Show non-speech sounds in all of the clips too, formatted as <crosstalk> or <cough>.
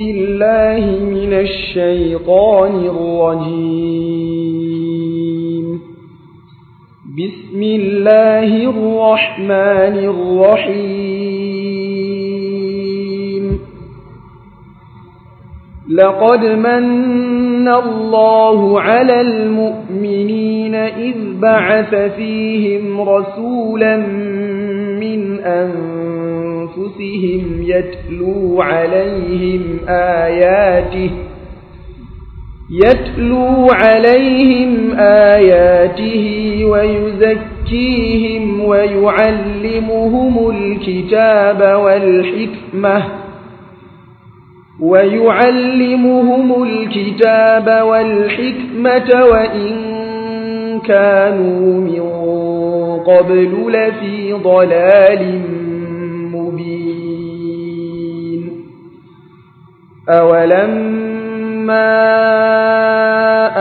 الله من الشيطان الرجيم بسم الله الرحمن الرحيم لقد من الله على المؤمنين إذ بعث فيهم رسولا من أنفسهم أنفسهم يتلو عليهم آياته يتلو عليهم آياته ويزكيهم ويعلمهم الكتاب والحكمة ويعلمهم الكتاب والحكمة وإن كانوا من قبل لفي ضلال أَوَلَمَّا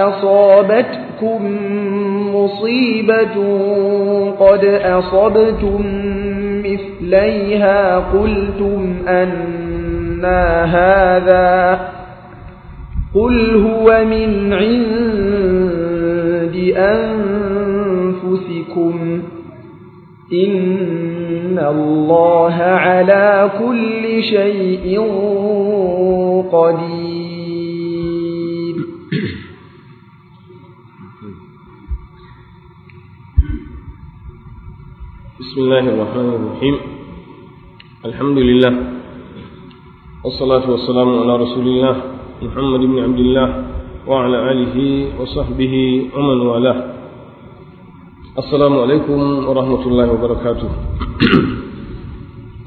أَصَابَتْكُم مُّصِيبَةٌ قَدْ أَصَبْتُم مِّثْلَيْهَا قُلْتُمْ أَنَّىٰ هَٰذَا قُلْ هُوَ مِنْ عِندِ أَنفُسِكُمْ إِنَّ إن الله على كل شيء قدير بسم الله الرحمن الرحيم الحمد لله والصلاة والسلام على رسول الله محمد بن عبد الله وعلى آله وصحبه ومن والاه assalamu alaikum wa rahmatullahi wa barakatu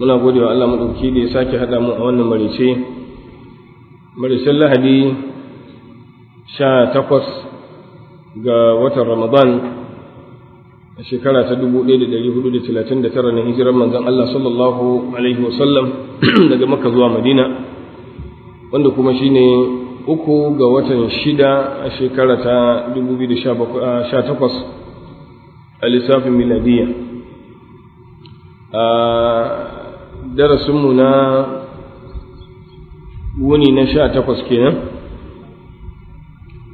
muna gode wa Allah maɗauki da ya sake haɗa mu a wannan marice maricen lahadi sha takwas ga watan ramadan a shekara ta dubu ɗaya da da da hudu talatin tara na hijirar manzon Allah sallallahu alaihi wasallam <clears throat> daga makka zuwa madina wanda kuma shine uku ga watan shida a shekara ta dubu biyu da sha takwas. a lissafin miladiya a darasinmu na wuni na sha takwas kenan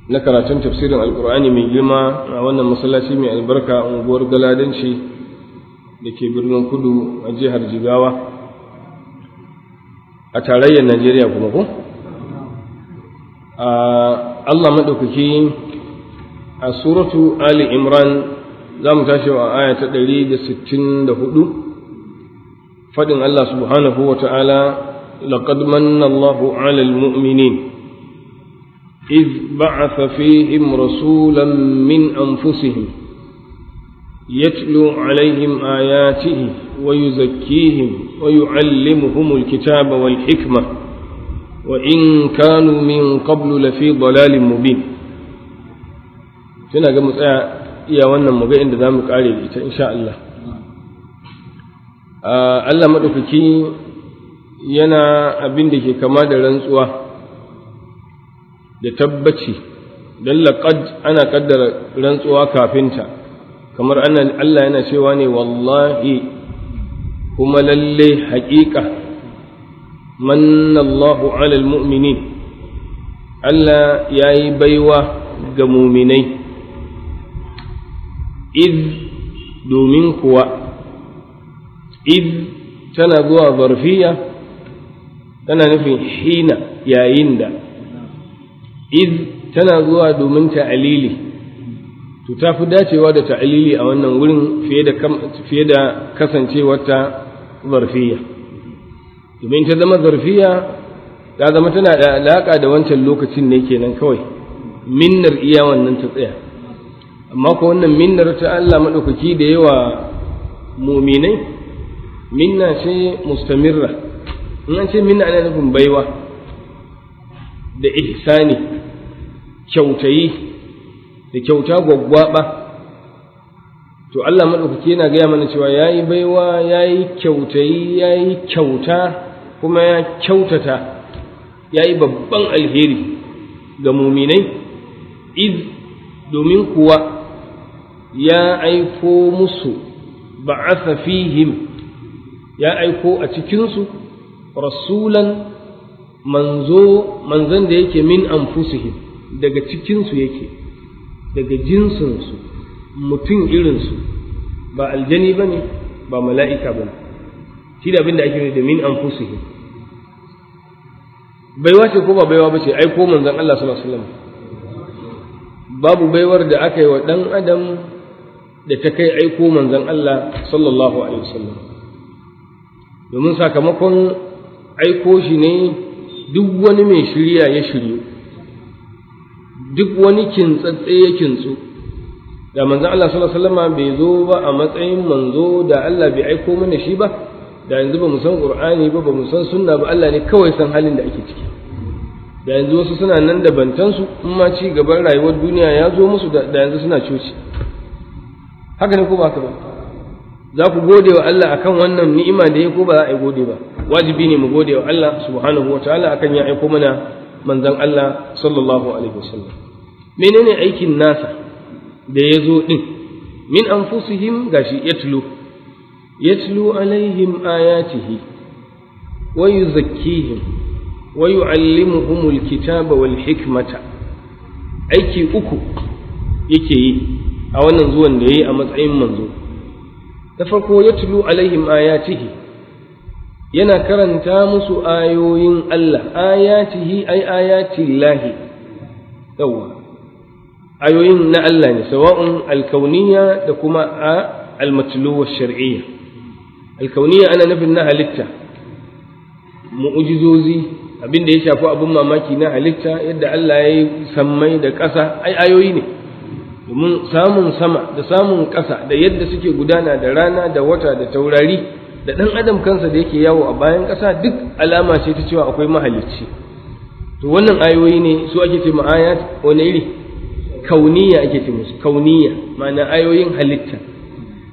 na karatun tafsirin alkur'ani mai girma a wannan masallaci mai albarka unguwar galadanci da ke birnin kudu a jihar jigawa a tarayyar najeriya kuma ko allah maɗaukaki a suratu ali imran زم كاشوا آية تدريج ستين دهدو فدن الله سبحانه وتعالى لقد من الله على المؤمنين إذ بعث فيهم رسولا من أنفسهم يتلو عليهم آياته ويزكيهم ويعلمهم الكتاب والحكمة وإن كانوا من قبل لفي ضلال مبين iya wannan mu ga inda za mu kare da ita insha Allah ah, Allah maɗaukaki yana abin da ke kama da rantsuwa da tabbaci don laƙad ana ƙaddara rantsuwa kafinta kamar Allah yana cewa ne wallahi kuma lalle haƙiƙa mannallahu alal mu'minin Allah ya yi baiwa ga muminai iz domin kuwa iz tana zuwa zarfiya tana nufin hina yayin da iz tana zuwa domin ta'alili to ta fi dacewa da ta'alili a wannan wurin fiye da kasancewarta zarfiya domin ta zama zarfiya ta zama tana da alaƙa da wancan lokacin ne kenan kawai minnar iya wannan ta tsaya amma ko wannan minnar ta Allah maɗaukaki da yawa muminai minna ce mustamirra in an ce minna ana nufin baiwa da ihsani kyautayi da kyauta gwaggwaba to Allah maɗaukaki yana gaya mana cewa yayi baiwa yayi kyautayi ya kyauta kuma ya kyautata yayi babban alheri ga muminai iz domin kuwa ya aiko musu ba'atha fihim ya aiko a cikinsu rasulan manzo manzon da yake min anfusihim daga cikinsu yake daga jinsinsu mutum irinsu ba aljani ba ne ba mala'ika ba ne shi da abin da ake da min anfusihim baiwa ce ko ba baiwa ba ce aiko manzon Allah sallallahu alaihi wasallam babu baiwar da aka yi wa ɗan adam da ta kai aiko manzon Allah sallallahu alaihi wasallam domin sakamakon aiko shi ne duk wani mai shirya ya shiryo. duk wani kintsatse ya kintsu da manzon Allah sallallahu alaihi wasallam bai zo ba a matsayin manzo da Allah bai aiko mana shi ba da yanzu ba mu san Qur'ani ba ba mu san sunna ba Allah ne kawai san halin da ake ciki da yanzu wasu suna nan da bantansu in ma ci gaban rayuwar duniya ya zo musu da yanzu suna coci haka ne ko ba ka ba za ku gode wa Allah akan wannan ni'ima da ya ko ba za a yi gode ba wajibi ne mu gode wa Allah subhanahu wa ta'ala akan ya aiko mana manzon Allah sallallahu alaihi wasallam menene aikin nasa da ya zo din min anfusihim gashi yatlu yatlu alaihim ayatihi wa yuzakkihim wa yu'allimuhumul kitaba wal hikmata aiki uku yake yi a wannan zuwan da ya yi a matsayin manzo da farko ya tulu alaihim ayatihi yana karanta musu ayoyin Allah ayatihi ay ayatillahi yawa ayoyin na Allah ne sawa'un alkauniya da kuma a wa shar'iyya alkauniya ana nufin na halitta mu'ujizozi abin da ya shafi abin mamaki na halitta yadda Allah ya yi sammai da ƙasa ai ayoyi ne domin samun sama da samun ƙasa da yadda suke gudana da rana da wata da taurari da ɗan adam kansa da yake yawo a bayan ƙasa duk alama ce ta cewa akwai mahalicci to wannan ayoyi ne su ake ce ma'ayat wani iri kauniya ake ce musu kauniya ma'ana ayoyin halitta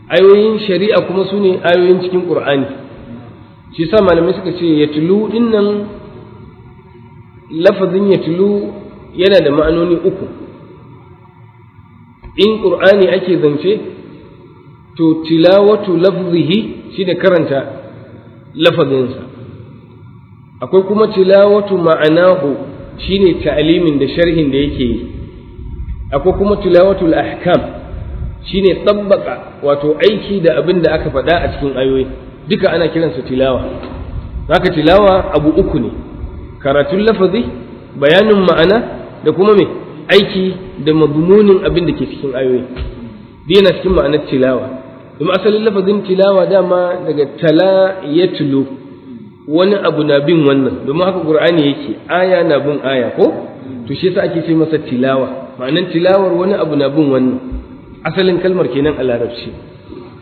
ayoyin shari'a kuma su ne ayoyin cikin ƙur'ani shi sa malamai suka ce ya tulu ɗin nan lafazin ya tulu yana da ma'anoni uku in ƙur'ani ake zance to tilawatu lafzihi shine karanta lafazinsa akwai kuma tilawatu ma'anahu shine ta'limin da sharhin da yake yi akwai kuma al ahkam shine tabbaka wato aiki da abin da aka faɗa a cikin ayoyi duka ana kiransa tilawa haka tilawa abu uku ne karatun lafazi bayanin ma'ana da kuma me aiki da mabumunin abin da ke cikin ayoyi biyu na cikin ma'anar tilawa domin asalin lafazin tilawa dama daga tala ya tulo wani abu na bin wannan domin haka qur'ani yake aya na bin aya ko to shi yasa ake ce masa tilawa ma'anar tilawar wani abu na bin wannan asalin kalmar kenan a larabci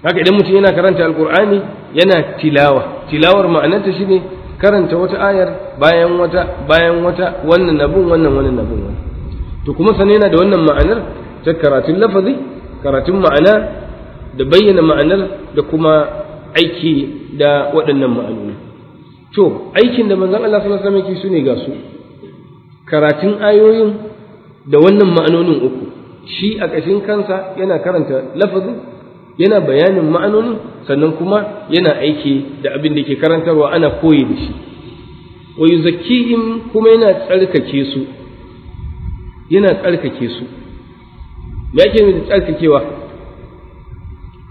haka idan mutum yana karanta alqur'ani yana tilawa tilawar ma'anarta shine karanta wata ayar bayan wata bayan wata wannan nabin wannan wannan nabin wannan to kuma sane yana da wannan ma'anar ta karatun lafazi karatun ma'ana da bayyana ma'anar da kuma aiki da waɗannan ma'anoni to aikin da manzon Allah sallallahu alaihi wasallam su ne ga su karatun ayoyin da wannan ma'anonin uku shi a ƙashin kansa yana karanta lafazi, yana bayanin ma'anonin sannan kuma yana aiki da abin da ke karantarwa ana koyi da shi wa yuzakkihim kuma yana tsarkake su yana tsarkake su me yake nufi tsarkakewa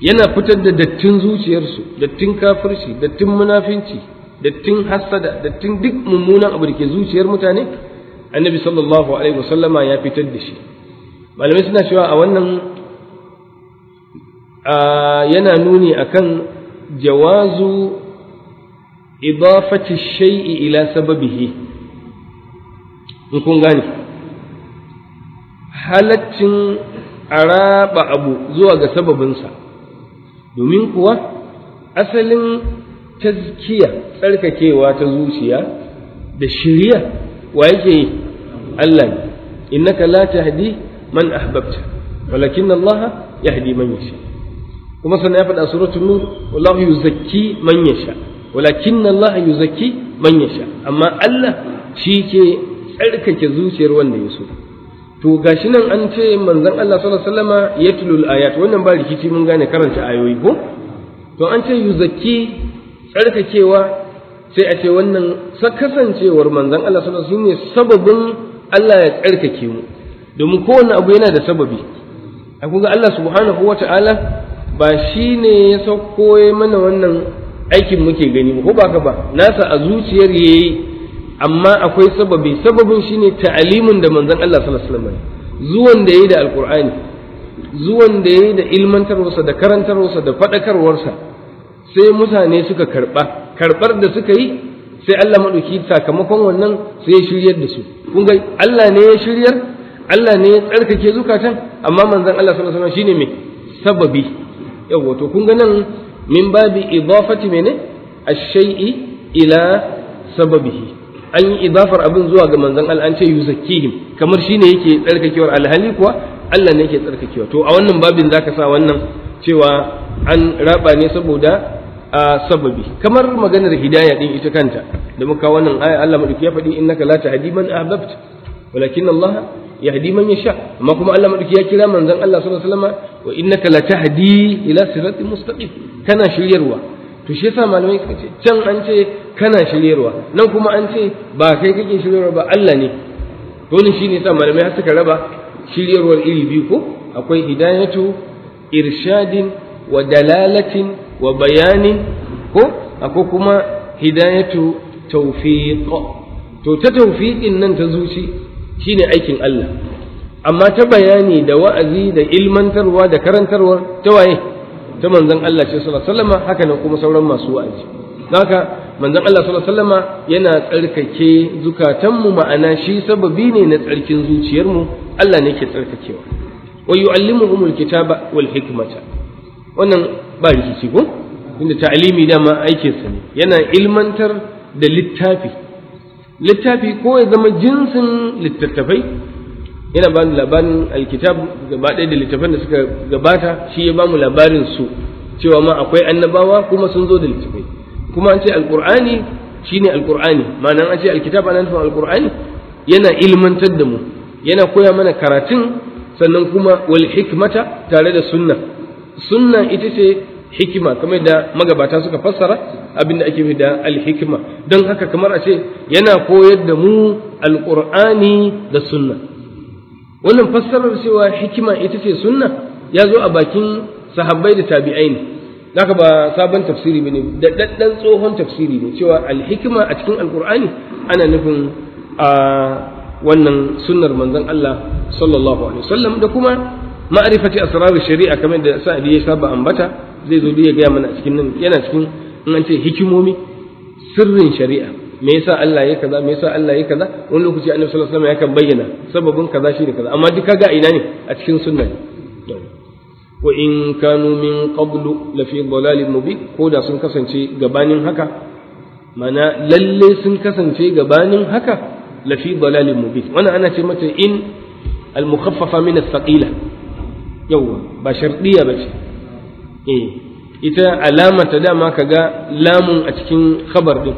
yana fitar da dattin zuciyarsu dattin kafirci dattin munafinci dattin hassada dattin duk mummunan abu da ke zuciyar mutane annabi sallallahu alaihi wasallama ya fitar da shi malamai suna cewa a wannan yana nuni akan jawazu idafati shay'i ila sababihi in kun gane halaccin a raba abu zuwa ga sababinsa domin kuwa asalin tazkiya tsarkakewa ta zuciya da shirya wa yake yi Allah ne innaka la tahdi man ahbabta walakin Allah yahdi man yasha kuma sannan ya faɗa suratul nur wallahu yuzakki man yasha walakin Allah yuzakki man yasha amma Allah shi ke tsarkake zuciyar wanda ya so to gashi nan an ce manzon Allah sallallahu alaihi wasallama yatlul ayat wannan ba rikici mun gane karanta ayoyi ko to an ce yuzaki tsarkakewa sai a ce wannan kasancewar manzon Allah sallallahu alaihi wasallam shine sababin Allah ya tsarkake mu domin kowanne abu yana da sababi a kuga Allah subhanahu wata'ala ba ne ya sauko mana wannan aikin muke gani ko ba ka ba nasa a zuciyar yayi amma akwai sababi sababin shine ta'alimin da manzon Allah sallallahu alaihi wasallam zuwan da yayi da alqur'ani zuwan da yayi da ilmantarwarsa da karantarwarsa da fadakarwarsa sai mutane suka karba karbar da suka yi sai Allah madauki sakamakon wannan sai ya shiryar da su kun ga Allah ne ya shiryar Allah ne ya tsarkake zukatan amma manzon Allah sallallahu alaihi wasallam shine me sababi yawa to kun ga nan min babi idafati mene ash-shay'i ila sababihi an yi idafar abin zuwa ga manzon Allah an ce yuzakkihim kamar shine yake tsarkakewar alhali kuwa Allah ne yake tsarkakewa to a wannan babin zaka sa wannan cewa an raba ne saboda a sababi kamar maganar hidaya din ita kanta da muka wannan aya Allah madauki ya faɗi innaka la tahdi man ahbabta walakin Allah yahdi man yasha amma kuma Allah madauki ya kira manzon Allah sallallahu alaihi wasallam wa innaka la tahdi ila siratin mustaqim kana shiryarwa to shi yasa malamai suka ce can an ce kana shiryarwa nan kuma an ce ba kai kake shiryarwa ba Allah ne dole shi shine sa malamai har suka raba shiryarwar iri biyu ko akwai hidayatu irshadin wa dalalatin wa bayani ko akwai kuma hidayatu tawfiq to ta tawfiqin nan ta zuci shine aikin Allah amma ta bayani da wa'azi da ilmantarwa da karantarwa ta waye ta manzon Allah ce sallallahu alaihi wasallam haka ne kuma sauran masu wa'azi haka manzon Allah sallallahu alaihi wasallam yana tsarkake zukatanmu ma'ana shi sababi ne na tsarkin zuciyarmu Allah ne ke tsarkakewa wa yu'allimuhumul kitaba wal hikmata wannan ba rikici ko inda ta'alimi dama aikin sa ne yana ilmantar da littafi littafi ko ya zama jinsin littattafai yana ba labarin alkitab gaba ɗaya da littafan da suka gabata shi ya ba mu labarin su cewa ma akwai annabawa kuma sun zo da littafai kuma an ce alkur'ani ne alkur'ani ma'ana an ce alkitab ana nufin alkur'ani yana ilmantar da mu yana koya mana karatun sannan kuma wal hikmata tare da sunna sunna ita ce hikima kamar da magabata suka fassara abinda ake nufi da alhikima don haka kamar a ce yana koyar da mu alkur'ani da sunna wannan fassarar cewa hikima ita ce sunna ya zo a bakin sahabbai da tabi'ai ne haka ba sabon tafsiri bane da daddan tsohon tafsiri ne cewa alhikima a cikin alqur'ani ana nufin a wannan sunnar manzon Allah sallallahu alaihi wasallam da kuma ma'rifati asrar shari'a kamar da sa'adi ya saba ambata zai zo ya ga mana cikin nan yana cikin in an ce hikimomi sirrin shari'a me yasa Allah ya kaza me yasa Allah ya kaza wani lokaci annabi sallallahu alaihi wasallam kan bayyana sababin kaza shine kaza amma duk ga ina ne a cikin sunna ne wa in kanu min qablu la fi dhalalin mubin ko da sun kasance gabanin haka mana lalle sun kasance gabanin haka la fi dhalalin mubin wannan ana ce mata in al mukhaffafa min al thaqila yawa ba shardiya bace eh ita alamata dama kaga lamun a cikin khabar din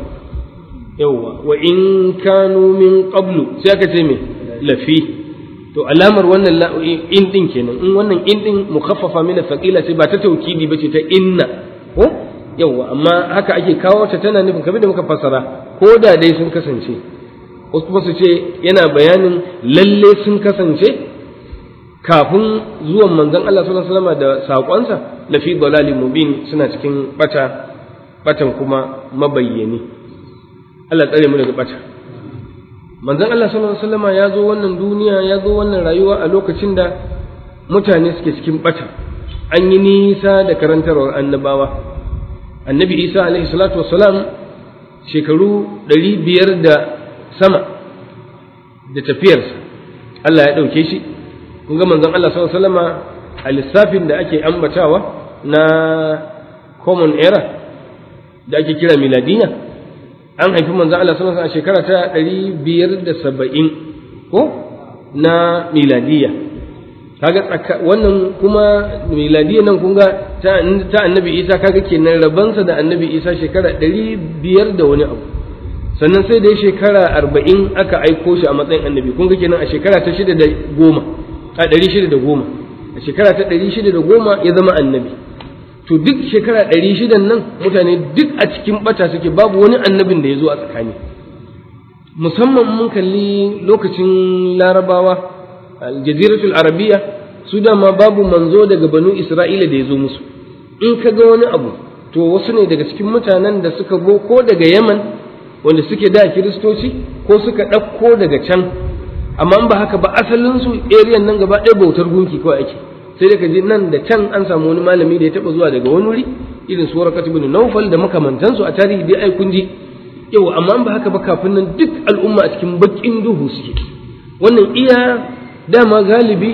yawwa wa in kanu min qablu sai aka ce me lafi to alamar wannan in din kenan in wannan in din mukhaffafa min thaqila sai ba ta taukidi bace ta inna ko yawwa amma haka ake kawo ta tana nufin kamar da muka fassara ko da dai sun kasance wasu kuma su ce yana bayanin lalle sun kasance kafin zuwan manzon Allah sallallahu alaihi wasallam da sakonsa, lafi dalalin mubin suna cikin bata batan kuma mabayyani Allah tsare mu daga bata manzon Allah sallallahu alaihi wasallama ya zo wannan duniya ya zo wannan rayuwa a lokacin da mutane suke cikin bata an yi nisa da karantarwar annabawa annabi Isa alaihi salatu wassalam shekaru ɗari biyar da sama da tafiyarsa Allah ya ɗauke shi kun ga manzon Allah sallallahu alaihi wasallama a lissafin da ake ambatawa na common era da ake kira miladiyya an haifi manzo Allah sallallahu alaihi a shekara ta ɗari biyar da saba'in ko na miladiya kaga wannan kuma miladiya nan kun ga ta annabi isa kaga kenan rabansa da annabi isa shekara ɗari biyar da wani abu sannan sai da shekara arba'in aka aiko shi a matsayin annabi kun ga kenan a shekara ta shida da goma a ɗari shida da goma a shekara ta ɗari shida da goma ya zama annabi to duk shekara ɗari shidan nan mutane duk a cikin ɓata suke babu wani annabin da ya zo a tsakani musamman mun kalli lokacin larabawa aljaziratul arabiya su dama babu manzo daga banu isra'ila da ya zo musu in ka ga wani abu to wasu ne daga cikin mutanen da suka go ko daga yaman wanda suke da kiristoci ko suka ɗauko daga can amma ba haka ba asalinsu eriyan nan gaba ɗaya bautar gunki kawai ake sai da ka ji nan da can an samu wani malami da ya taba zuwa daga wani wuri irin su warakat ibn nawfal da makamantansu a tarihi dai ai kun ji yau amma ba haka ba kafin nan duk al'umma a cikin bakin duhu suke wannan iya dama galibi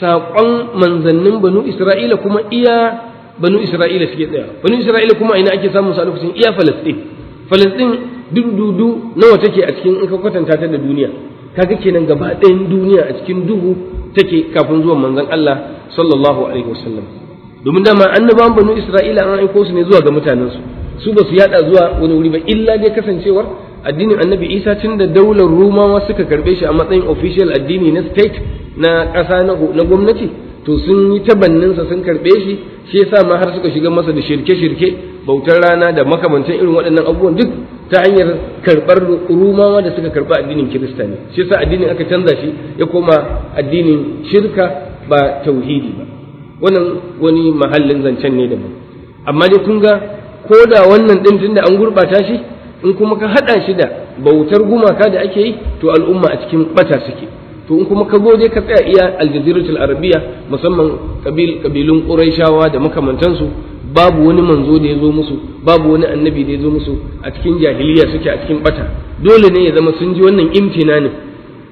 saƙon manzannin banu isra'ila kuma iya banu isra'ila suke tsaya banu isra'ila kuma ina ake samun su a lokacin iya falastin falastin duk dudu nawa take a cikin in ka kwatanta ta da duniya kaga kenan gaba ɗayan duniya a cikin duhu take kafin zuwan manzon Allah sallallahu alaihi wasallam domin dama annabawan banu Isra'ila an aiko su ne zuwa ga mutanensu su ba su yada zuwa wani wuri ba illa dai kasancewar addinin annabi isa tun da daular rumawa suka karbe shi a matsayin official addini na state na ƙasa na gwamnati to sun yi tabanninsa sun karbe shi shi yasa ma har suka shiga masa da shirke-shirke bautar rana da makamantan irin waɗannan abubuwan duk ta hanyar karɓar rumawa da suka karɓi addinin kirista ne shi yasa addinin aka canza shi ya koma addinin shirka ba tauhidi ba wannan wani mahallin zancen ne daban amma dai kun ga ko da wannan din da an gurɓata shi in kuma ka haɗa shi da bautar gumaka da ake yi to al'umma a cikin bata suke to in kuma ka zo dai ka tsaya iya aljaziratul arabiya musamman kabilun quraishawa da makamantansu babu wani manzo da ya zo musu babu wani annabi da ya zo musu a cikin jahiliya suke a cikin bata dole ne ya zama sun ji wannan imtina ne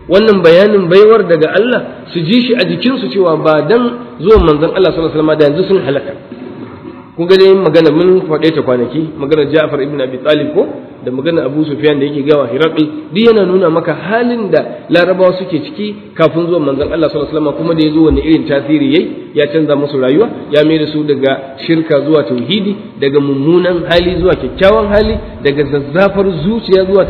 wannan bayanin baiwar daga Allah su ji shi a jikinsu cewa ba dan zuwan manzon Allah sallallahu alaihi wasallam da yanzu sun halaka kun gani magana mun faɗe ta kwanaki magana Ja'far ibn Abi Talib ko da magana Abu Sufyan da yake gawa Hiraqi duk yana nuna maka halin da Larabawa suke ciki kafin zuwan manzon Allah sallallahu alaihi wasallam kuma da ya zo wani irin tasiri yayi ya canza musu rayuwa ya mai da su daga shirka zuwa tauhidi daga mummunan hali zuwa kyakkyawan hali daga zazzafar zuciya zuwa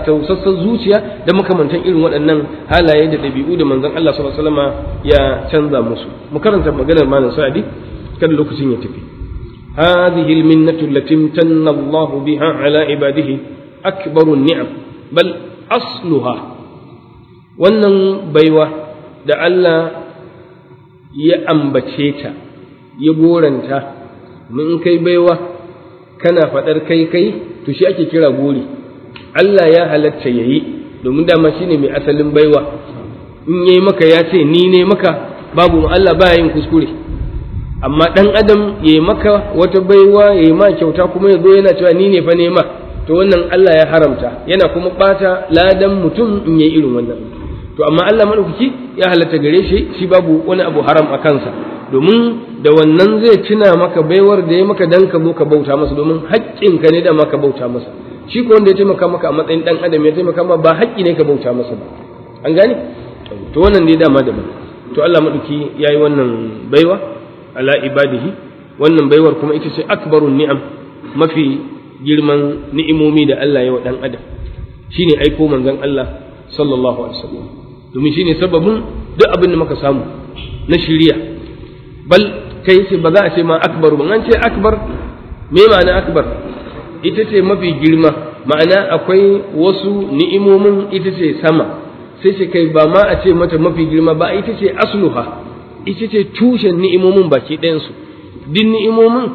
tausassan zuciya da makamantan irin waɗannan halaye da ɗabi'u da manzon Allah sallallahu alaihi wasallam ya canza musu mu karanta maganar Malam Sa'di kan lokacin ya tafi hadhihi alminnatu allati imtanna Allah biha ala ibadihi akbaru ni'am bal asluha wannan baiwa da Allah ya ambace ta ya goranta mun kai baiwa kana fadar kai kai to shi ake kira gori Allah ya halatta yayi domin dama shine mai asalin baiwa in yayi maka ya ce ni ne maka babu Allah ba yin kuskure amma dan adam ya yi maka wata baiwa ya yi ma kyauta kuma ya zo yana cewa ni ne fa nema to wannan Allah ya haramta yana kuma bata ladan mutum in yi irin wannan to amma Allah madaukaki ya halatta gare shi shi babu wani abu haram a kansa domin da wannan zai cina maka baiwar da ya maka dan ka zo ka bauta masa domin haƙƙinka ne da maka bauta masa shi ko wanda ya taimaka maka a matsayin dan adam ya taimaka ma ba haƙƙi ne ka bauta masa ba an gane to wannan ne dama daban to Allah madauki yayi wannan baiwa ala ibadihi wannan baiwar kuma ita ce akbarun ni'am mafi girman ni'imomi da Allah ya wa dan adam shine aiko manzon Allah sallallahu alaihi wasallam domin shine sababin duk abin da muka samu na shiriya bal kai sai ba za a ce ma akbar ba an ce akbar me ma'ana akbar ita ce mafi girma ma'ana akwai wasu ni'imomin ita ce sama sai ce kai ba ma a ce mata mafi girma ba ita ce asluha ita ce tushen ni'imomin baki ɗayansu din ni'imomin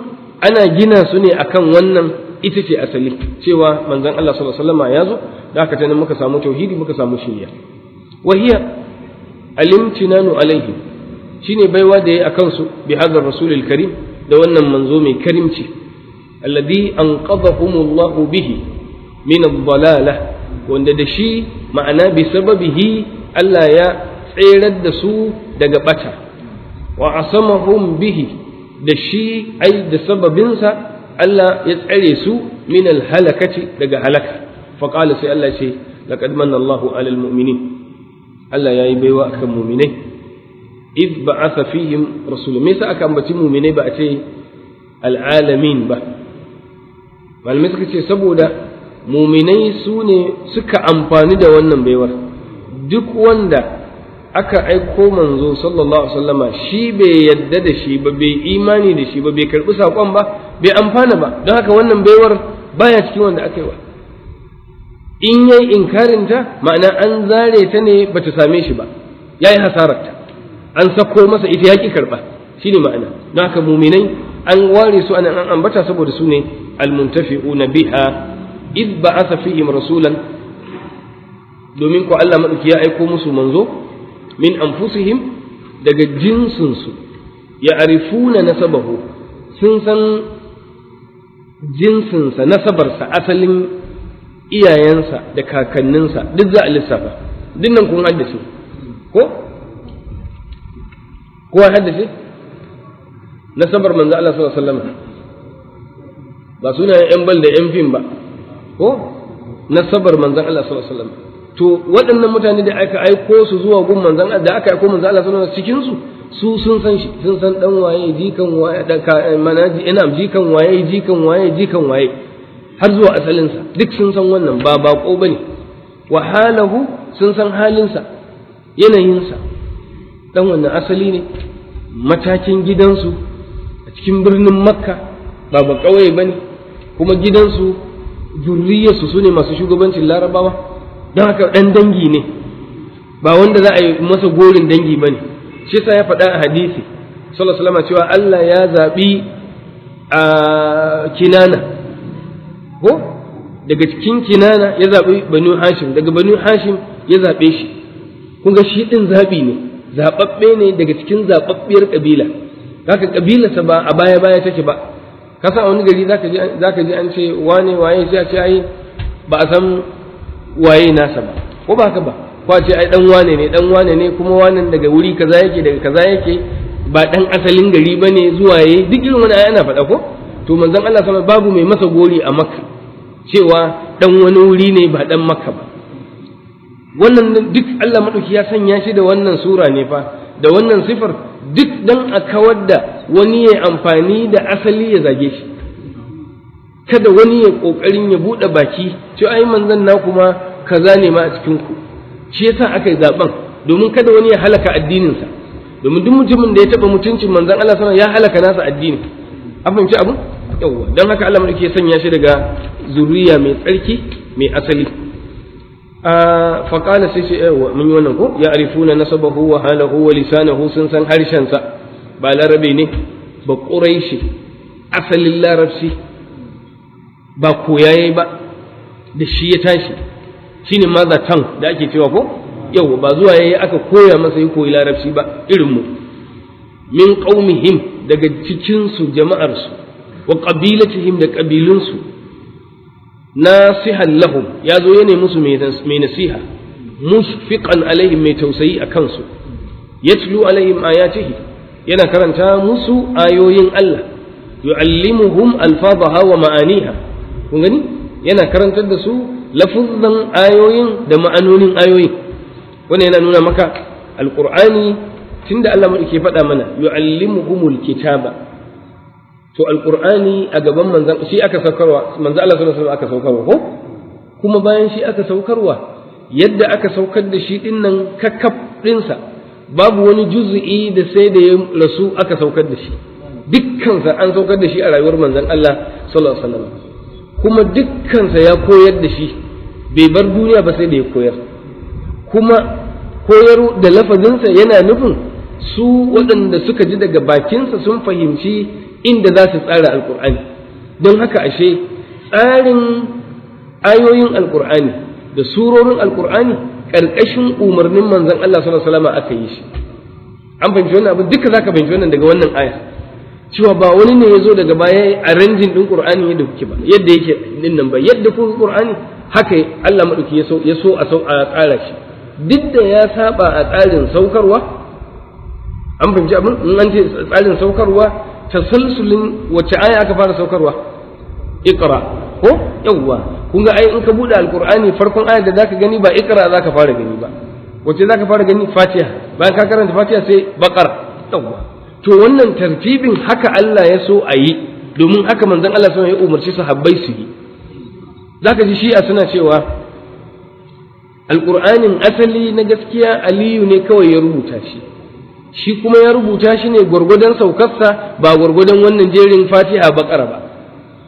ana gina su ne akan wannan ita ce asali cewa manzon Allah sallallahu alaihi wasallam ya zo da aka tanin muka samu tauhidi muka samu shiriya wahiya alimtinanu alaihi shine baiwa da yayi akan su bi hadar rasulil karim da wannan manzo mai karimci alladhi anqadhahumullahu bihi min ad-dalalah wanda da shi ma'ana bi sababihi Allah ya tserar da su daga bata wa asamahum bihi da shi ai da sababinsa Allah ya tsare su min halakati daga halaka fa qala sai Allah ce laqad manna Allahu alal mu'minin Allah yayi baiwa akan mu'minai id ba'atha fihim rasul me sa aka ambaci mu'minai ba a ce al'alamin ba malamai suka ce saboda mu'minai su ne suka amfani da wannan baiwar duk wanda aka aiko manzo sallallahu alaihi wasallama shi bai yadda da shi ba bai imani da shi ba bai karbi sakon ba bai amfana ba don haka wannan baiwar baya cikin wanda aka yi wa in yayi inkarin ta ma'ana an zare ta ne bata same shi ba yayi hasarar ta an sako masa ita yaki karba shine ma'ana don haka muminai an ware su an an ambata saboda su ne almuntafi'una biha id ba'atha fihim rasulan domin ko Allah madauki ya aiko musu manzo min anfusihim daga jinsinsu ya arifuna nasabahu sun san jinsinsa nasabarsa asalin iyayensa da kakanninsa duk za a lissafa dinnan kun haddace ko ko haddace nasabar manzo Allah sallallahu alaihi wasallam ba sunayen yan bal da yan fim ba ko nasabar manzo Allah sallallahu alaihi wasallam to waɗannan mutane da aka aiko su zuwa gun manzan da aka aiko manzan Allah sallallahu alaihi cikin su su sun san shi sun san dan waye jikan waye dan eh, manaji ina jikan waye jikan waye jikan waye har zuwa asalin sa duk sun san wannan ba bako bane wa halahu sun san halin sa yanayin sa dan wannan asali ne matakin gidansu a cikin birnin makka ba ba kauye bane kuma gidansu zurriyarsu su ne masu shugabancin larabawa don haka ɗan dangi ne ba wanda za a yi masa gorin dangi ba ne shi sa ya faɗa a hadisi sallallahu cewa Allah ya zaɓi a kinana ko daga cikin kinana ya zaɓi banu hashim daga banu hashim ya zaɓe shi kun shi ɗin zaɓi ne zaɓaɓɓe ne daga cikin zaɓaɓɓiyar ƙabila haka ƙabilarsa ba a baya baya take ba kasa wani gari zaka ji zaka ji an ce wane waye sai a ce ai ba a san waye nasa ba ko ba haka ba ko ce ai dan wane ne dan wane ne kuma wannan daga wuri kaza yake daga kaza yake ba dan asalin gari bane zuwa yayi duk irin wani ana faɗa ko to manzon Allah sama babu mai masa gori a Makka cewa dan wani wuri ne ba dan Makka ba wannan duk Allah madauki ya sanya shi da wannan sura ne fa da wannan sifar duk dan a kawar da wani ya amfani da asali ya zage shi kada wani ya kokarin ya bude baki to ai manzon na kuma kaza ne ma a cikin ku shi yasa aka yi zaben domin kada wani ya halaka addinin sa domin duk mutumin da ya taba mutuncin manzon Allah sallallahu ya halaka nasa addini an fahimci abu yawwa dan haka Allah mulki ya sanya shi daga zuriya mai tsarki mai asali qala sai yawa mun yi wannan ko ya arifuna nasabahu wa halahu wa lisanahu sun san harshen sa." ba larabe ne ba quraishi asalin larabci ba koya yayi ba da shi ya tashi shine maza tan da ake cewa ko yau ba zuwa yayi aka koya masa yi koyi larabci ba irin mu min qaumihim daga cikin su jama'ar wa qabilatihim da qabilun su nasihan lahum zo yana musu mai nasiha musfiqan alaihim mai tausayi a kansu yatlu alaihim ayatihi yana karanta musu ayoyin Allah yu'allimuhum alfadaha wa ma'aniha kun gani yana karantar da su lafuzan ayoyin da ma'anonin ayoyin wannan yana nuna maka alqur'ani tunda Allah mu ke faɗa mana yu'allimuhumul kitaba to alqur'ani a gaban manzan shi aka saukarwa manzo Allah sallallahu alaihi wasallam aka saukarwa ko kuma bayan shi aka saukarwa yadda aka saukar da shi dinnan kakkaf dinsa babu wani juz'i da sai da ya rasu aka saukar da shi dukkansa an saukar da shi a rayuwar manzon Allah sallallahu alaihi wasallam kuma dukkansa ya koyar da shi bai bar duniya ba sai da ya koyar kuma koyar da lafazinsa yana nufin su waɗanda suka ji daga bakinsa sun fahimci inda za su tsara alkur'ani don haka ashe tsarin ayoyin alkur'ani da surorin alkur'ani ƙarƙashin umarnin manzon Allah sallallahu alaihi wasallam aka yi shi an fahimci wannan abu duka zaka fahimci wannan daga wannan aya cewa ba wani ne ya zo daga baya a ranjin ɗin ƙur'ani yadda kuke ba yadda yake ɗin nan ba yadda kun ƙur'ani haka Allah maɗauki ya so a tsara shi duk da ya saba a tsarin saukarwa an fahimci abin in an ce tsarin saukarwa tasalsulin wacce aya aka fara saukarwa Ikara ko yawwa kun ga ai in ka buɗe alƙur'ani farkon ayar da zaka gani ba za zaka fara gani ba wacce zaka fara gani fatiha bayan ka karanta fatiha sai baqara yawwa to wannan tartibin haka Allah ya so a yi domin haka manzon Allah sun ya umarci su habbai su yi Za ka ji shi'a suna cewa alƙur'anin asali na gaskiya aliyu ne kawai ya rubuta shi shi kuma ya rubuta shi ne gwargwadon saukarsa ba gwargwadon wannan jerin fatiha bakara ba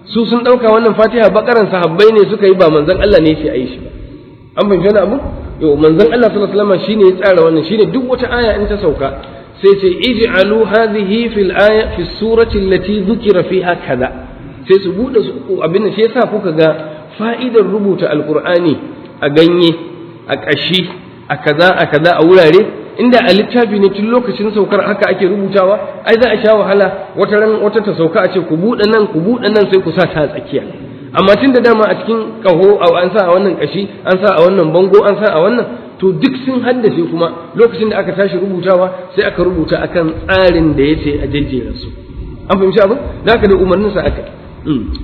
su sun ɗauka wannan fatiha bakaran sahabbai ne suka yi ba manzon Allah ne a yi shi ba an fahimci wani abu yau manzon Allah sallallahu alaihi wasallam shine ya tsara wannan shine duk wata aya in ta sauka sai ce ij'alu hadhihi fil aya fi surati allati dhukira fiha kaza sai su bude abin shi yasa kuka ga fa'idar rubuta alqur'ani a ganye a kashi a kaza a kaza a wurare inda a littafi ne tun lokacin saukar haka ake rubutawa ai za a sha wahala wata ran wata ta sauka a ce ku bude nan ku bude nan sai ku sa ta tsakiya amma tun da dama a cikin kaho an sa a wannan kashi an sa a wannan bango an sa a wannan to duk sun haddace kuma lokacin da aka tashi rubutawa sai aka rubuta akan tsarin da ya ce a jejjera su an fahimci abin da aka mm. da umarnin sa aka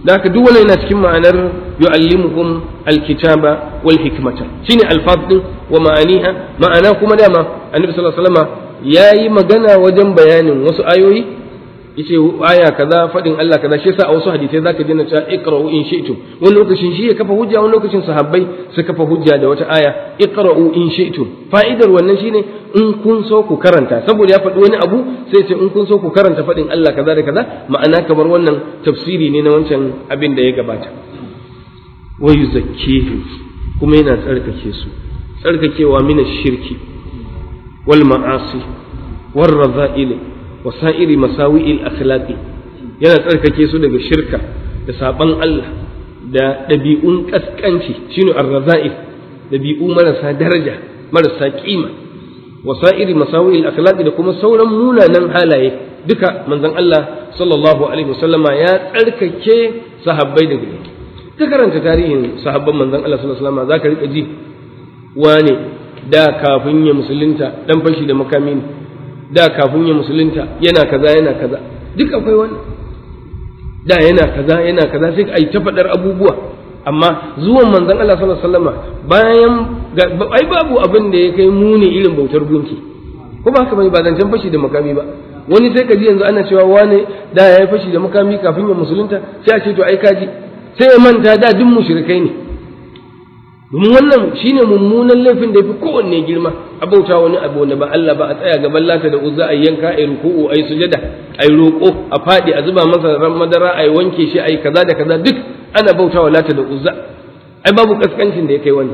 da aka duk wannan yana cikin ma'anar yu'allimuhum alkitaba wal hikmata shine alfaz din wa ma'aniha ma'ana kuma dama annabi sallallahu alaihi wasallam yayi magana wajen bayanin wasu ayoyi yace aya kaza fadin Allah kaza shi yasa a wasu hadisai zaka dina cewa iqra'u in shi'tum wani lokacin shi ya kafa hujja wani lokacin sahabbai su kafa hujja da wata aya iqra'u in shi'tum fa'idar wannan shine in kun so ku karanta saboda ya faɗi wani abu sai ce in kun so ku karanta fadin Allah kaza da kaza ma'ana kamar wannan tafsiri ne na wancan abin da ya gabata wa yuzakkihim kuma yana tsarkake su tsarkakewa mina shirki wal ma'asi war raza'ili wa iri masawi'il akhlaqi yana tsarkake su daga shirka da saban Allah da ɗabi'un ƙasƙanci. shine arraza'i ɗabi'u marasa daraja marasa kima wasairi sa'iri masawi'il akhlaqi da kuma sauran munanan halaye duka manzon Allah sallallahu alaihi wasallama ya tsarkake sahabbai da gare ka karanta tarihin sahabban manzon Allah sallallahu alaihi wasallama zaka rika ji wane da kafin ya musulunta dan fashi da makami ne da kafin ya musulunta yana kaza yana kaza duk akwai wani. da yana kaza yana kaza sai ai ta faɗar abubuwa amma zuwan manzon Allah sallallahu alaihi bayan ai babu abin da ya kai muni irin bautar gunki ko ba haka bai ba zancen fashi da makami ba wani sai ka ji yanzu ana cewa wani da ya fashi da makami kafin ya musulunta sai a ce to ai kaji sai ya manta da duk mushrikai ne domin wannan shi ne mummunan laifin da ya fi kowanne girma a bauta wani abu wanda ba Allah ba a tsaya gaban lata da uzza a yanka a ruku'u a sujada a roƙo a faɗi a zuba masa ran madara a wanke shi a kaza da kaza duk ana bauta wa lata da uzza ai babu kaskancin da ya kai wani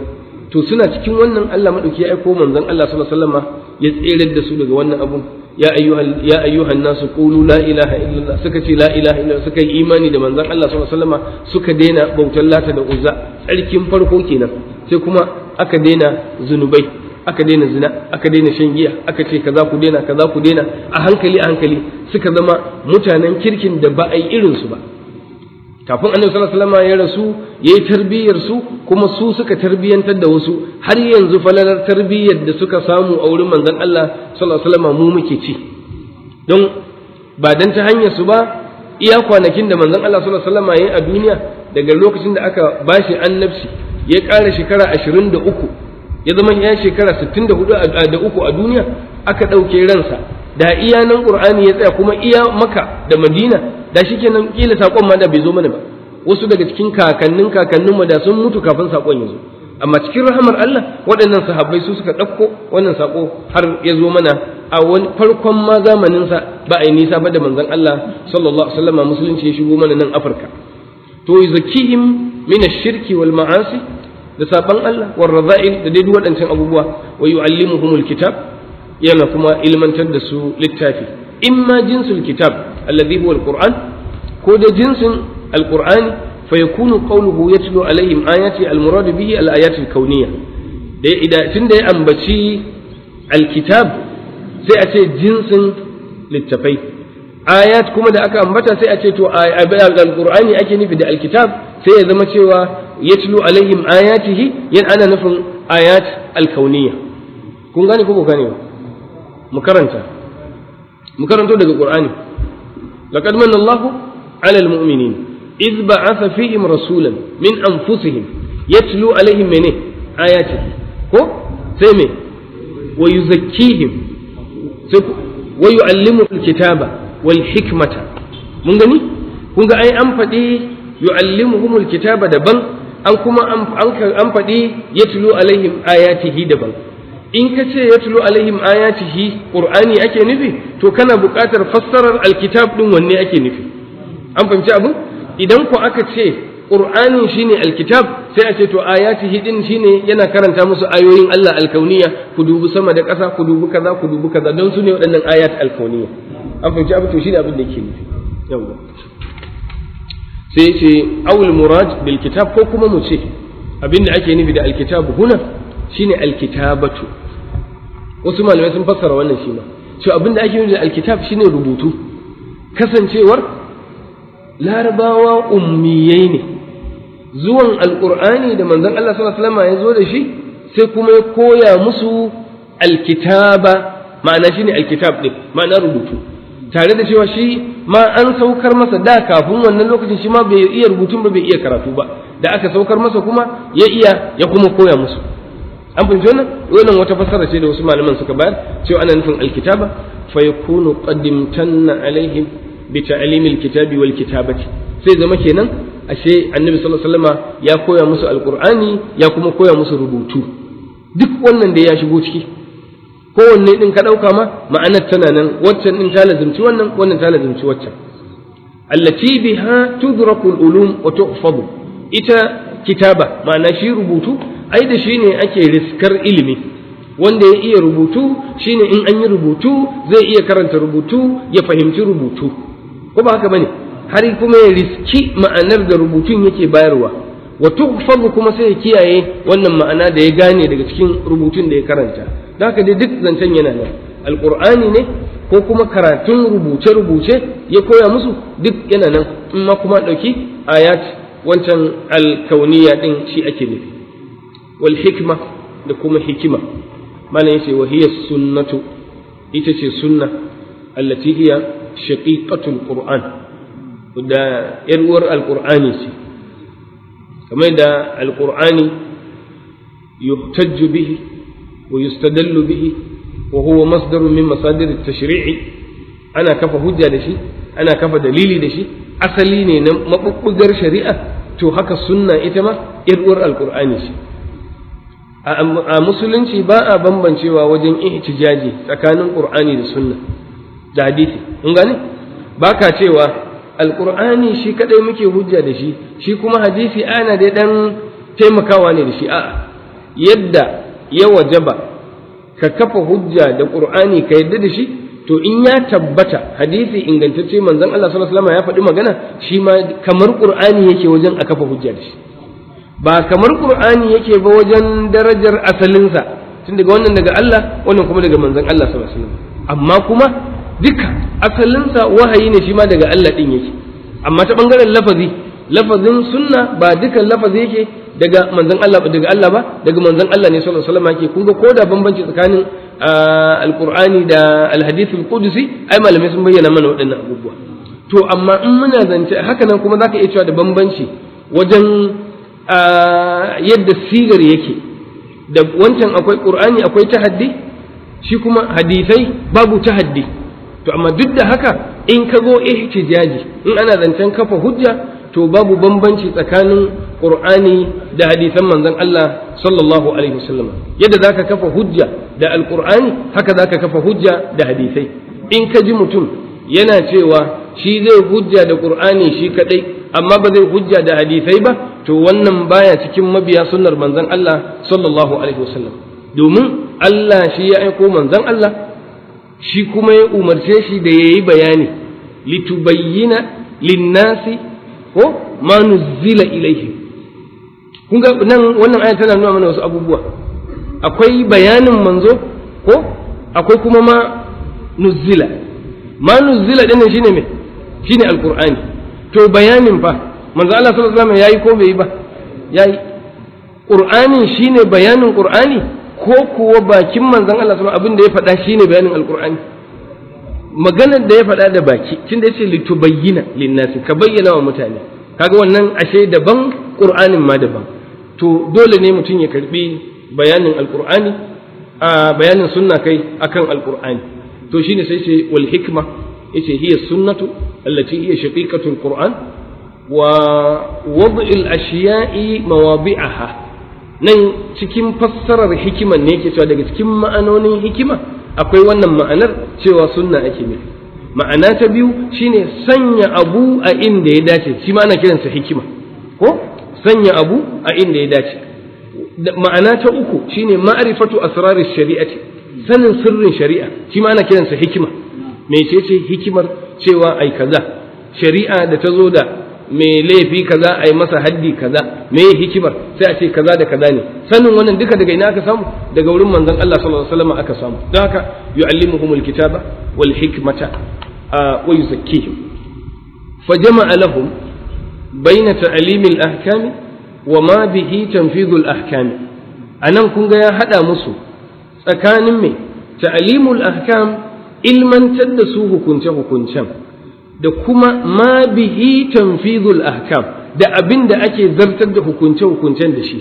to suna cikin wannan Allah madauki ya aiko manzon Allah sallallahu alaihi wasallama ya tsere da su daga wannan abun ya ayyuhal ya Kulu nas qulu la ilaha illallah suka ce la ilaha illallah suka yi imani da manzan Allah sallallahu suka daina bautar lata da uzza tsarkin farko kenan sai kuma aka daina zunubai aka daina zina aka daina shan giya aka ce kaza ku daina kaza ku daina a hankali a hankali suka zama mutanen kirkin da ba a yi irinsu ba kafin annabi sallallahu alaihi ya rasu yayi tarbiyyar su kuma su suka tarbiyantar da wasu har yanzu falalar tarbiyyar da suka samu a wurin manzon Allah sallallahu alaihi mu muke ci don ba dan ta hanyar su ba iya kwanakin da manzon Allah sallallahu alaihi wasallam yayi a duniya daga lokacin da aka bashi annabci ya ƙara shekara 23 ya zama ya shekara 64 da uku a duniya aka ɗauke ransa da iya nan Qur'ani ya tsaya kuma iya Makka da Madina da shi kenan kila sakon ma da bai zo mana ba wasu daga cikin kakannin kakanninmu da sun mutu kafin sakon ya zo amma cikin rahamar Allah waɗannan sahabbai su suka ɗauko wannan saƙo har ya zo mana a wani farkon ma zamaninsa ba a yi nisa ba da manzon Allah sallallahu alaihi wasallam musulunci ya shigo mana nan Afirka to zakihim min ash-shirki wal ma'asi da saban Allah wa radha'il da dai waɗancan abubuwa wa yu'allimuhumul kitab yana kuma ilmantar da su littafi imma jinsul kitab alladhi huwa alquran ko da jinsin alqurani fa yakunu qawluhu yatlu alaihim ayati almurad bihi alayat alkauniyya da idan tunda ya ambaci alkitab sai a ce jinsin littafai ayat kuma da aka ambata sai a ce to alqur'ani ake nufi da alkitab sai ya zama cewa yatlu alaihim daga qur'ani laqad manna Allahu 'ala al-mu'minin idh ba'atha fihim rasulan min anfusihim yatlu alaihim mene ayatihi ko sai me wa yuzakkihim sai wa yu'allimuhum al-kitaba wal hikmata mun gani kun ga ai an faɗi kitaba daban an kuma an faɗi yatlu alaihim ayatihi daban in ka ce ya tulu alaihim ayatihi qur'ani ake nufi to kana buƙatar fassarar alkitab din wanne ake nufi an fahimci abu idan ku aka ce qur'ani shine alkitab sai a ce to ayatihi din shine yana karanta musu ayoyin Allah alkauniya ku dubi sama da ƙasa ku dubi kaza ku dubi kaza don su ne waɗannan ayat alkauniya an fahimci abu to shine abin da yake nufi yawa sai ce awul murad bil kitab ko kuma mu ce abin da ake nufi da alkitab huna shine alkitabatu wasu malamai sun fassara wannan shi ma cewa abin da ake yi da alkitab shine rubutu kasancewar larabawa ummiyai ne zuwan Alkur'ani da manzon Allah sallallahu alaihi ya zo da shi sai kuma ya koya musu alkitaba ma'ana shine alkitab din ma'ana rubutu tare da cewa shi ma an saukar masa da kafin wannan lokacin shi ma bai iya rubutun ba bai iya karatu ba da aka saukar masa kuma ya iya ya kuma koya musu an fahimci wannan wannan wata fassara ce da wasu malaman suka bayar cewa ana nufin alkitaba fa yakunu qaddimtanna alaihim bi ta'limil kitabi wal kitabati sai zama kenan ashe annabi sallallahu alaihi wasallam ya koya musu alqur'ani ya kuma koya musu rubutu duk wannan da ya shigo ciki kowanne din ka dauka ma ma'anar tana nan waccan din ta lazimci wannan wannan ta lazimci waccan allati biha tudraku ulum wa tuhfadu ita kitaba ma'ana shi rubutu ai da shi ne ake riskar ilimi wanda ya iya rubutu shi ne in an yi rubutu zai iya karanta rubutu ya fahimci rubutu ko ba haka bane har kuma ya riski ma'anar da rubutun yake bayarwa wa tuhfazu kuma sai ya kiyaye wannan ma'ana da ya gane daga cikin rubutun da ya karanta don haka duk zancen yana nan alqur'ani ne ko kuma karatun rubuce rubuce ya koya musu duk yana nan in ma kuma dauki ayat wancan alkauniya din shi ake nufi والحكمة لكم حكمة ما ليس وهي السنة إتتي السنة التي هي شقيقة القرآن ودا يرور القرآن سي كما دا القرآن يحتج به ويستدل به وهو مصدر من مصادر التشريع أنا كفى هجة لشي أنا كفى دليل لشي أصلي ne در شريعة تو هكا السنة إتما ita القرآن irwar a musulunci ba a bambancewa wajen ihtijaji tsakanin qur'ani da sunna da hadisi kun gane ba ka cewa alqur'ani shi kadai muke hujja da shi shi kuma hadisi ana dai dan taimakawa ne da shi a'a yadda ya wajaba ka kafa hujja da qur'ani ka yadda da shi to in ya tabbata hadisi ingantacce manzon Allah sallallahu alaihi wasallam ya faɗi magana shi ma kamar qur'ani yake wajen a kafa hujja da shi ba kamar qur'ani yake ba wajen darajar asalinsa tun daga wannan daga Allah wannan kuma daga manzon Allah sallallahu alaihi wasallam amma kuma duka asalinsa wahayi ne shi ma daga Allah din yake amma ta bangaren lafazi lafazin sunna ba dukan lafazi yake daga manzon Allah ba daga Allah ba daga manzon Allah ne sallallahu alaihi wasallam yake kun ga koda bambanci tsakanin ah, alqur'ani da alhadith alqudsi ai malamai sun bayyana mana waɗannan abubuwa to amma in muna zance haka nan kuma zaka iya cewa da bambanci wajen yadda sigar yake da wancan akwai ƙur'ani akwai tahaddi shi kuma hadisai babu tahaddi to amma duk da haka in ka zo ihtijaji in ana zancen kafa hujja to babu bambanci tsakanin ƙur'ani da hadisan manzon Allah sallallahu alaihi wasallam yadda zaka kafa hujja da alƙur'ani haka zaka kafa hujja da hadisai in ka ji mutum yana cewa shi zai hujja da ƙur'ani shi kadai amma ba zai hujja da hadisai ba to wannan baya cikin mabiya sunnar manzon Allah sallallahu alaihi wasallam domin Allah shi ya aiko manzon Allah shi kuma ya umarce shi da yayi bayani litubayyina linnasi ko ma nuzila kun ga nan wannan aya tana nuna mana wasu abubuwa akwai bayanin manzo ko akwai kuma ma nuzila ma nuzila din shine me shine alqur'ani to bayanin fa manzo Allah sallallahu alaihi wasallam yayi ko bai yi ba yayi qur'anin shine bayanin qur'ani ko kuwa bakin manzon Allah sallallahu abin da ya faɗa shine bayanin alqur'ani maganar da ya faɗa da baki tun da yace litubayyina linnasi ka bayyana wa mutane kaga wannan ashe daban qur'anin ma daban to dole ne mutum ya karbi bayanin alqur'ani a bayanin sunna kai akan alqur'ani to shine sai ce wal hikma yace hiya sunnatu Kur'an, hiya shaqiqatul qur'an wa wad'il ashiya'i mawadi'aha nan cikin fassarar hikima ne ke cewa daga cikin ma'anonin hikima akwai wannan ma'anar cewa sunna ake nufi ma'ana ta biyu shine sanya abu a inda ya dace shi ma kiransa hikima ko sanya abu a inda ya dace ma'ana ta uku shine ma'rifatu asrarir shari'ati sanin sirrin shari'a shi ana kiransa hikima mecece hikimar cewa ai kaza shari'a da ta zo da mai laifi kaza ai masa haddi kaza me hikimar sai a ce kaza da kaza ne sanin wannan duka daga ina aka samu daga wurin manzon Allah sallallahu alaihi wasallam aka samu don haka yu'allimuhumul kitaba wal hikmata wa yuzakkihim fajama'a lahum baina ta'limil ahkami wa ma bihi tanfidul ahkami anan kun ga ya hada musu tsakanin me ta'limul ahkam ilmantar da su hukunce-hukuncen da kuma ma bihi tanfizul ahkam da abin da ake zartar da hukunce-hukuncen da shi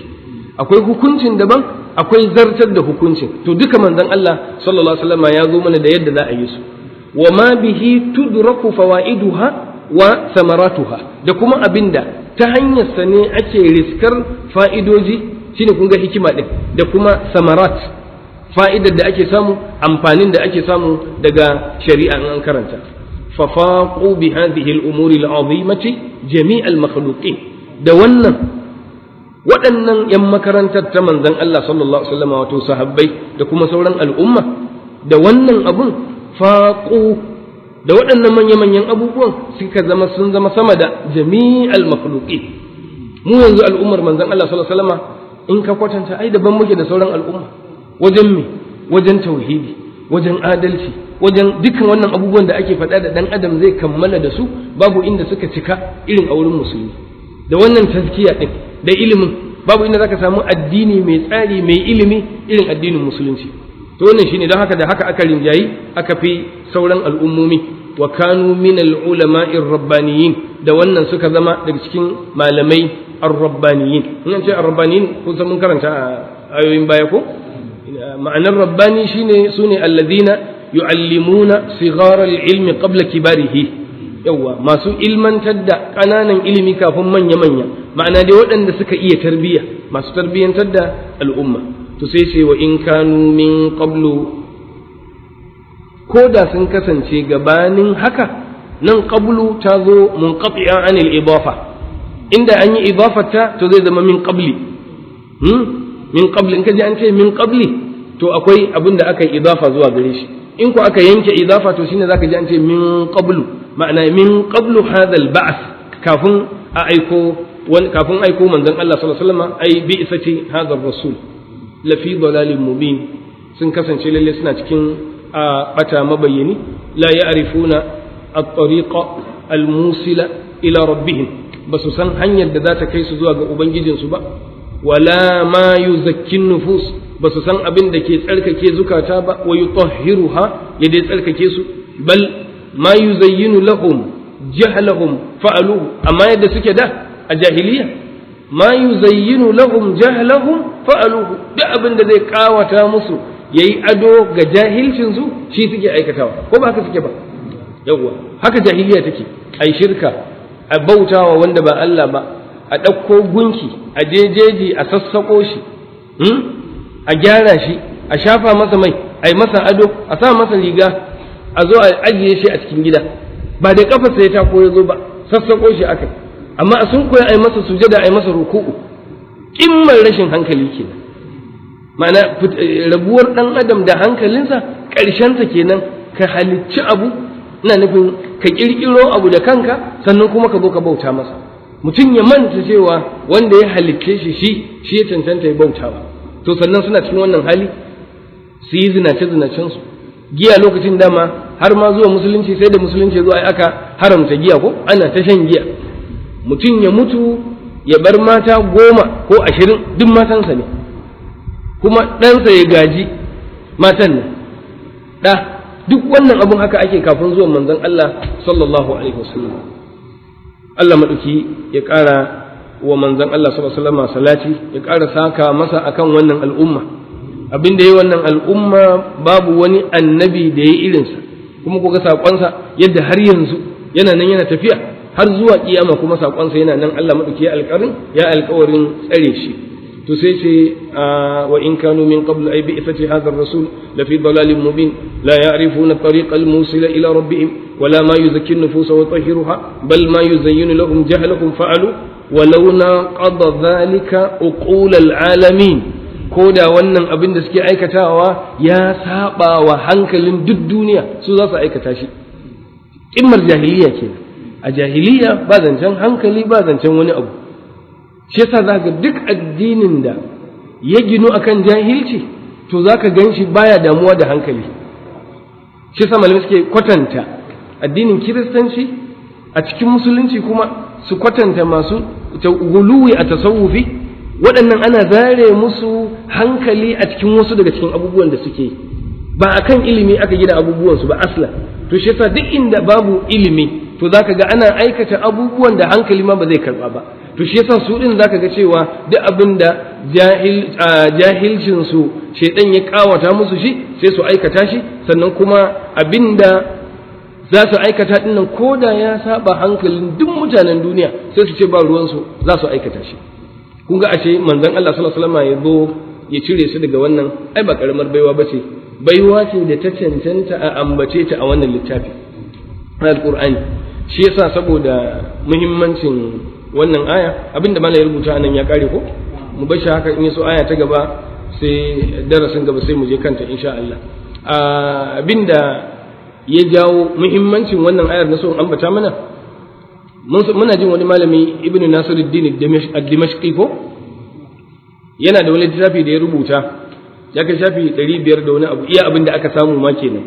akwai hukuncin daban akwai zartar da hukuncin to duka manzon Allah sallallahu alaihi wasallam ya zo mana da yadda za a yi su wa ma bihi tudraku fawaiduha wa samaratuha da kuma abinda ta hanyar sa ne ake riskar fa'idoji shine kun ga hikima din da kuma samarat fa'idar da ake samu amfanin da ake samu daga shari'a an karanta fa faqu bi hadhihi al-umuri al mace jami' al da wannan waɗannan yan makarantar ta manzan Allah sallallahu alaihi wato sahabbai da kuma sauran al'umma da wannan abun faƙo da waɗannan manya-manyan abubuwan suka zama sun zama sama da jami'al makhluqin mu yanzu al'ummar manzan Allah sallallahu alaihi in ka kwatanta ai daban muke da sauran al'umma wajen mai wajen tauhidi wajen adalci wajen dukkan wannan abubuwan da ake faɗa da ɗan adam zai kammala da su babu inda suka cika irin a wurin musulmi da wannan taskiya ɗin da ilimin babu inda zaka samu addini mai tsari mai ilimi irin addinin musulunci to wannan shine don haka da haka aka rinjayi aka fi sauran al'ummomi wa kanu min al'ulama'ir rabbaniyin da wannan suka zama daga cikin malamai ar-rabbaniyin in an ce ar-rabbaniyin kun san karanta a ayoyin baya ko ma'anar rabbani shine sune alladhina yu'allimuna sighar al-ilmi qabla kibarihi yawa masu ilmantar da kananan ilimi kafin manya manya ma'ana dai waɗanda suka iya tarbiyya masu tarbiyyantar da al'umma to sai ce wa in kanu min qablu ko da sun kasance gabanin haka nan qablu ta zo munqati'an anil idafa inda an yi idafata to zai zama min qabli hmm? min qabli in ka ji an ce min qabli to akwai abin da aka yi idafa zuwa gare shi in ku aka yanke idafa to shine zaka ji an ce min qablu ma'ana min qablu hadha al-ba'th kafin a aiko kafin aiko manzon Allah sallallahu alaihi wasallam ai bi isati hadha ar-rasul la fi dalalin mubin sun kasance lalle suna cikin a bata mabayyani la ya'rifuna at-tariqa al-musila ila rabbihim basu san hanyar da za ta kai su zuwa ga ubangijinsu ba wala ma yuzakkin nufus ba su san abin da ke tsarkake zukata ba wa yutahhiruha ya dai tsarkake su bal ma yuzayyinu lahum jahlahum fa'alu amma yadda suke da a jahiliya ma yuzayyinu lahum jahlahum fa'alu duk abin da zai kawata musu yayi ado ga jahilcin su shi suke aikatawa ko ba haka suke ba yawwa haka jahiliya take ai shirka a bautawa wanda ba Allah ba a ɗauko gunki a jejeji a sassaƙo shi hmm? a gyara shi a shafa masa mai a yi masa ado a sa masa riga a zo a ajiye shi a cikin gida ba da kafarsa ya ta ya zo ba sassaƙo shi aka amma a sun koya a yi masa sujada a yi masa ruku'u ƙimmar rashin hankali kenan ma'ana eh, rabuwar ɗan adam da hankalinsa ƙarshenta kenan ka halicci abu ina nufin ka ƙirƙiro abu da kanka sannan kuma ka zo ka bauta masa mutum ya manta cewa wanda ya halicce shi shi shi ya cancanta ya bauta ba to sannan suna cikin wannan hali su yi zinace zinacensu giya lokacin dama har ma zuwa musulunci sai da musulunci zuwa aka haramta giya ko ana ta shan giya mutum ya mutu ya bar mata goma ko ashirin duk matansa ne kuma ɗansa ya gaji matan ne ɗa duk wannan abin haka ake kafin zuwa manzon Allah sallallahu alaihi wasallam Allah maɗauki ya ƙara wa manzan Allah sallallahu alaihi wasallam salati ya ƙara saka masa akan wannan al'umma abin da yi wannan al'umma babu wani annabi da ya irinsa kuma ga saƙonsa yadda har yanzu yana nan yana tafiya har zuwa kiyama kuma saƙonsa yana nan Allah maɗauki ya alƙarin ya alƙawarin tsare shi to sai ce wa in kanu min qablu ay bi'fati hadha ar-rasul la fi dalalin mubin la ya'rifuna tariqa musila ila rabbihim ولا ما يزكي النفوس ويطهرها بل ما يزين لهم جهلهم فعلوا ولو ناقض ذلك أقول العالمين koda wannan abin da suke aikatawa ya saba wa hankalin duk duniya su zasu aikata shi Ƙimar jahiliya kena. a jahiliya ba zancen hankali ba zancen wani abu shi yasa duk addinin da ya ginu akan jahilci to za ka gan baya damuwa da hankali shi yasa malamai suke kwatanta addinin kiristanci a cikin musulunci kuma su kwatanta masu guluwi a tasawufi waɗannan ana zare musu hankali a cikin wasu daga cikin abubuwan da suke ba a kan ilimi aka gida abubuwansu ba asla to shi yasa duk inda babu ilimi to zaka ga ana aikata abubuwan da hankali ma ba zai karba ba to shi yasa su din zaka ga cewa duk abin da jahilcin su shedan ya kawata musu shi sai su aikata shi sannan kuma abinda za su aikata nan ko da ya saba hankalin duk mutanen duniya sai su ce ba ruwansu za su aikata shi kun ga ashe manzon Allah sallallahu alaihi wasallam ya zo ya cire su daga wannan ai ba karamar baiwa bace baiwa ce da ta cancanta a ambace ta a wannan littafi alqur'ani shi yasa saboda muhimmancin wannan aya abinda malai rubuta nan ya kare ko mu bar shi haka in yaso aya ta gaba sai darasin gaba sai mu je kanta insha Allah ah, abinda ya jawo muhimmancin wannan ayar na so ambata mana muna jin wani malami ibn nasiruddin ad-dimashqi ko yana da wani littafi da ya rubuta ya kai shafi 500 da wani abu iya abin da aka samu ma kenan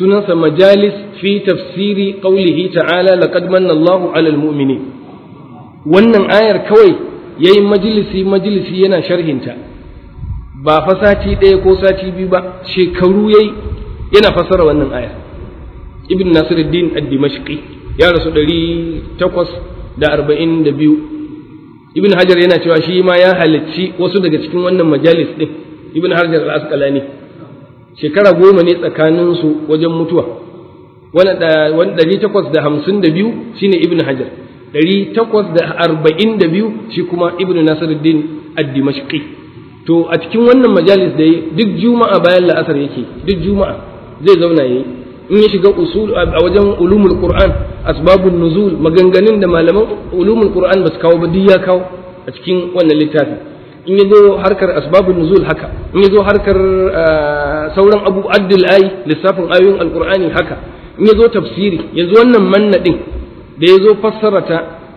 sunansa majalis fi tafsiri qawlihi ta'ala laqad manna Allahu 'alal mu'minin wannan ayar kawai yayin majalisi majalisi yana sharhinta ba fa sati ɗaya ko sati biyu ba shekaru yayi yana fassara wannan aya ibn nasiruddin ad-dimashqi ya rasu 842 ibn hajar yana cewa shi ma ya halicci wasu daga cikin wannan majalis din ibn hajar al-asqalani shekara goma ne tsakanin su wajen mutuwa wani ɗari takwas da hamsin da biyu shine ibn hajar ɗari takwas da arba'in da biyu shi kuma ibn nasiruddin ad-dimashqi to a cikin wannan majalis da duk juma'a bayan la'asar yake duk juma'a zai zauna yi. in ya shiga usul a wajen ulumul qur'an asbabun nuzul maganganun da malaman ulumul qur'an ba kawo ba duk ya kawo a cikin wannan littafi in ya zo harkar asbabun nuzul haka in ya zo harkar sauran abu addil ayi lissafin ayoyin alqur'ani haka in ya zo tafsiri ya wannan manna da ya zo fassara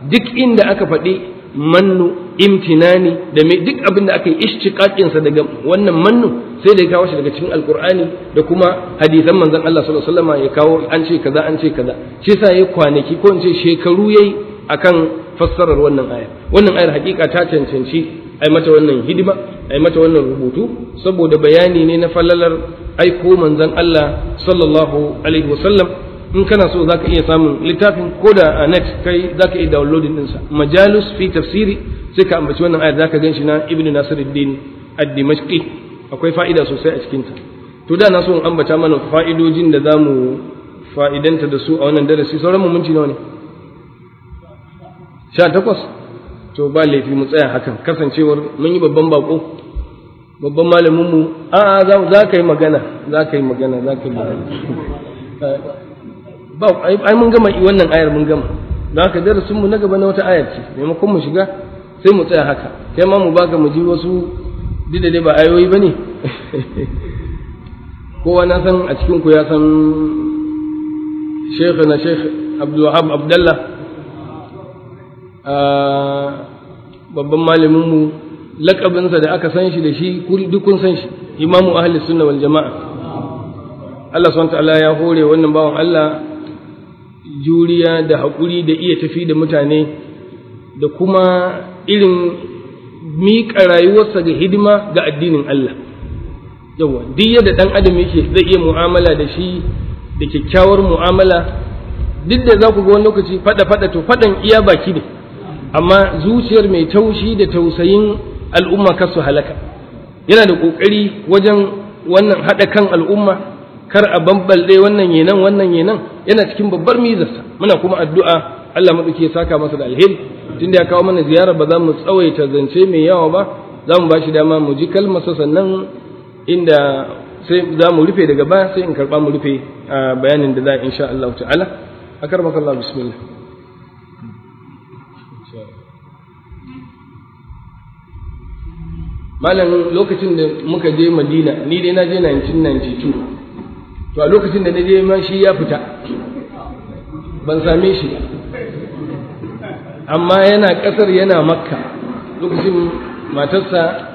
duk inda aka faɗi mannu imtinani da mai duk abin da aka yi ishtiqaqin sa daga wannan mannu sai da ya kawo shi daga cikin alqur'ani da kuma hadisan manzon Allah sallallahu alaihi wasallam ya kawo an ce kaza an ce kaza shi sa yayi kwanaki ko in ce shekaru yayi akan fassarar wannan aya wannan ayar hakika ta cancanci ai mata wannan hidima ai mata wannan rubutu saboda bayani ne na falalar aiko manzon Allah sallallahu alaihi wasallam in kana so zaka iya samun littafin koda a net kai zaka iya downloading ɗinsa majalus fi tafsiri sai ka ambaci wannan ayar zaka gan shi na ibn nasiruddin ad-dimashqi akwai fa'ida sosai a cikin ta to da na so in ambata mana fa'idojin da zamu fa'idanta da su a wannan darasi sauran mu ci nawa ne 18 to ba laifi mu tsaya hakan kasancewar mun yi babban bako babban malamin mu a za ka yi magana za ka yi magana za ka yi magana <laughs> ba ai mun gama wannan ayar mun gama Za ka darasin mu na gaba na wata ayar ce maimakon mu shiga sai mu tsaya haka kai ma mu baka mu ji wasu dida ba ayoyi ba ne <laughs> kowa na san a cikinku ku ya san Sheikh na Sheikh Abdul ah, babban malaminmu lakabinsa da aka san shi da shi duk kun san shi imamu ahli sunna wal jama'a Allah subhanahu ta'ala ya hore wannan bawan Allah juriya da haƙuri da iya tafi da mutane da kuma irin miƙa rayuwarsa ga hidima ga addinin Allah yawa duk yadda ɗan adam yake zai iya mu'amala da shi da kyakkyawar mu'amala duk da za ku ga wani lokaci faɗa faɗa to faɗan iya baki ne amma zuciyar mai taushi da tausayin al'umma kasu halaka yana da ƙoƙari wajen wannan haɗa kan al'umma kar a bambalɗe wannan yanan wannan yenan yana cikin babbar mizarsa muna kuma addu'a Allah maɗauki ya saka masa da alheri Tun da ya kawo mana ziyara ba za mu tsawaita zance mai yawa ba za mu ba shi dama mu ji kalmasa sannan inda sai za mu rufe daga baya sai in karɓa mu rufe bayanin da za a insha Allah ta'ala a karmaka Allah bismillah malam lokacin da muka je madina ni dai na je 1992 to a lokacin da na je ma shi ya fita ban same shi ba amma yana ƙasar yana makka lokacin matarsa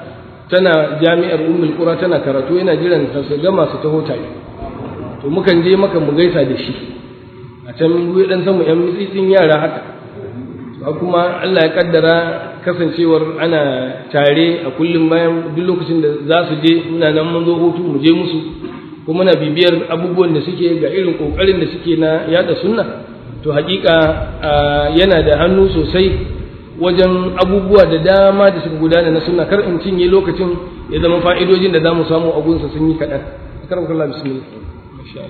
tana jami'ar umul kura tana karatu yana jiran ta su gama su taho tare to mukan je maka mu gaisa da shi a can mu dan samu yan mitsitsin yara haka to kuma Allah ya kaddara kasancewar ana tare a kullum bayan duk lokacin da za su je muna nan mun zo hutu mu je musu kuma na bibiyar abubuwan da suke ga irin kokarin da suke na yada sunna to hakika yana da hannu sosai wajen abubuwa da dama da suka gudana na suna kar in cinye lokacin ya zama fa'idojin da za mu samu a gunsa sun yi kaɗan karam kallah bismillah masha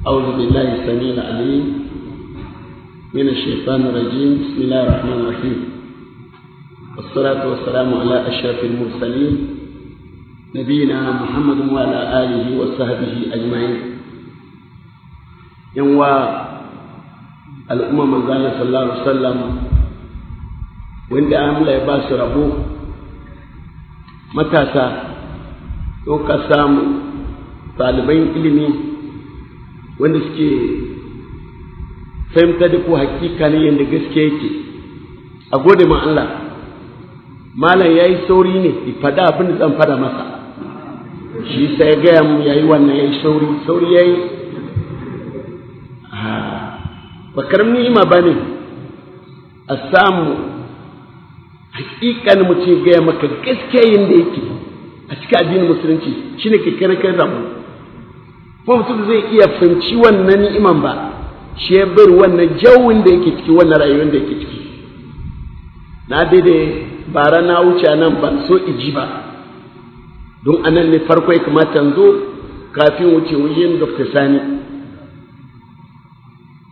أعوذ بالله السميع العليم من الشيطان الرجيم بسم الله الرحمن الرحيم والصلاة والسلام على أشرف المرسلين نبينا محمد وعلى آله وصحبه أجمعين Yanwa wa al'umma manzana sallallahu alaihi wasallam wanda Allah ya ba su rabo matasa ko ka samu ɗaliban ilimi wanda suke fahimta da ko hakika ne yadda gaske yake a gode ma Allah malam yayi sauri ne fada abin da zan fada masa shi sai ya gaya mu ya yi wannan ya sauri sauri ya ba karamin ni'ima ba ne a samu hakikan mu ce gaya maka gaskiya yin da yake a cikin addinin musulunci shi ne ke kare kai da mu kuma mutum zai iya fahimci wannan ni'iman ba shi ya bar wannan jawin da yake ciki wannan rayuwar da yake ciki na daidai bara na wuce nan ban so iji ba don anan ne farko ya kamata zo kafin wuce wajen dr sani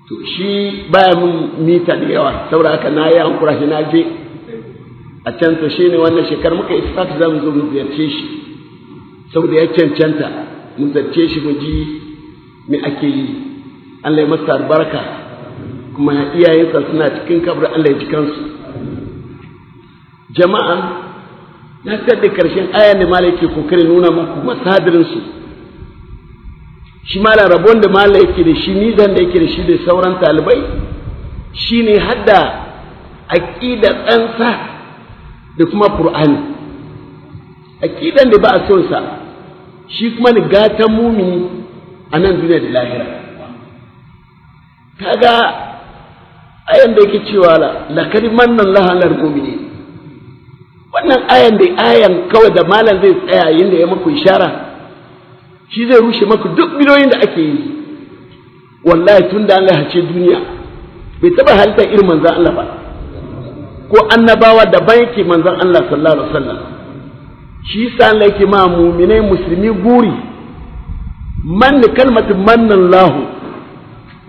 to shi baya mun mita da yawa saboda haka na yi hankura shi na je a canta shi ne wannan shekar muka yi isfak za mu zo mu ziyarce shi saboda ya cancanta mu ziyarce shi mu ji me ake yi Allah ya masa albarka kuma iyayensa suna cikin kabarin Allah ya ji kansu jama'a na da karshen aya ne malaki kokarin nuna muku masadirin su shi ma rabon da mala yake da shi nizan da yake da shi da sauran talibai shine hadda aqida tsansa da kuma qur'ani aqidan da ba a son sa shi kuma ni gata mumini a nan duniya da lahira kaga ayan da yake cewa la mannan manna Allahu 'alal wannan ayan da ayan kawai da malam zai tsaya yin da ya muku ishara shi zai rushe maka duk miliyoyin da ake yi wallahi tun da Allah hace duniya bai taba halitta irin manzan Allah ba ko annabawa da yake manzan Allah sallallahu alaihi wasallam shi yasa Allah yake ma mu'minai musulmi guri man kalmatu mannan lahu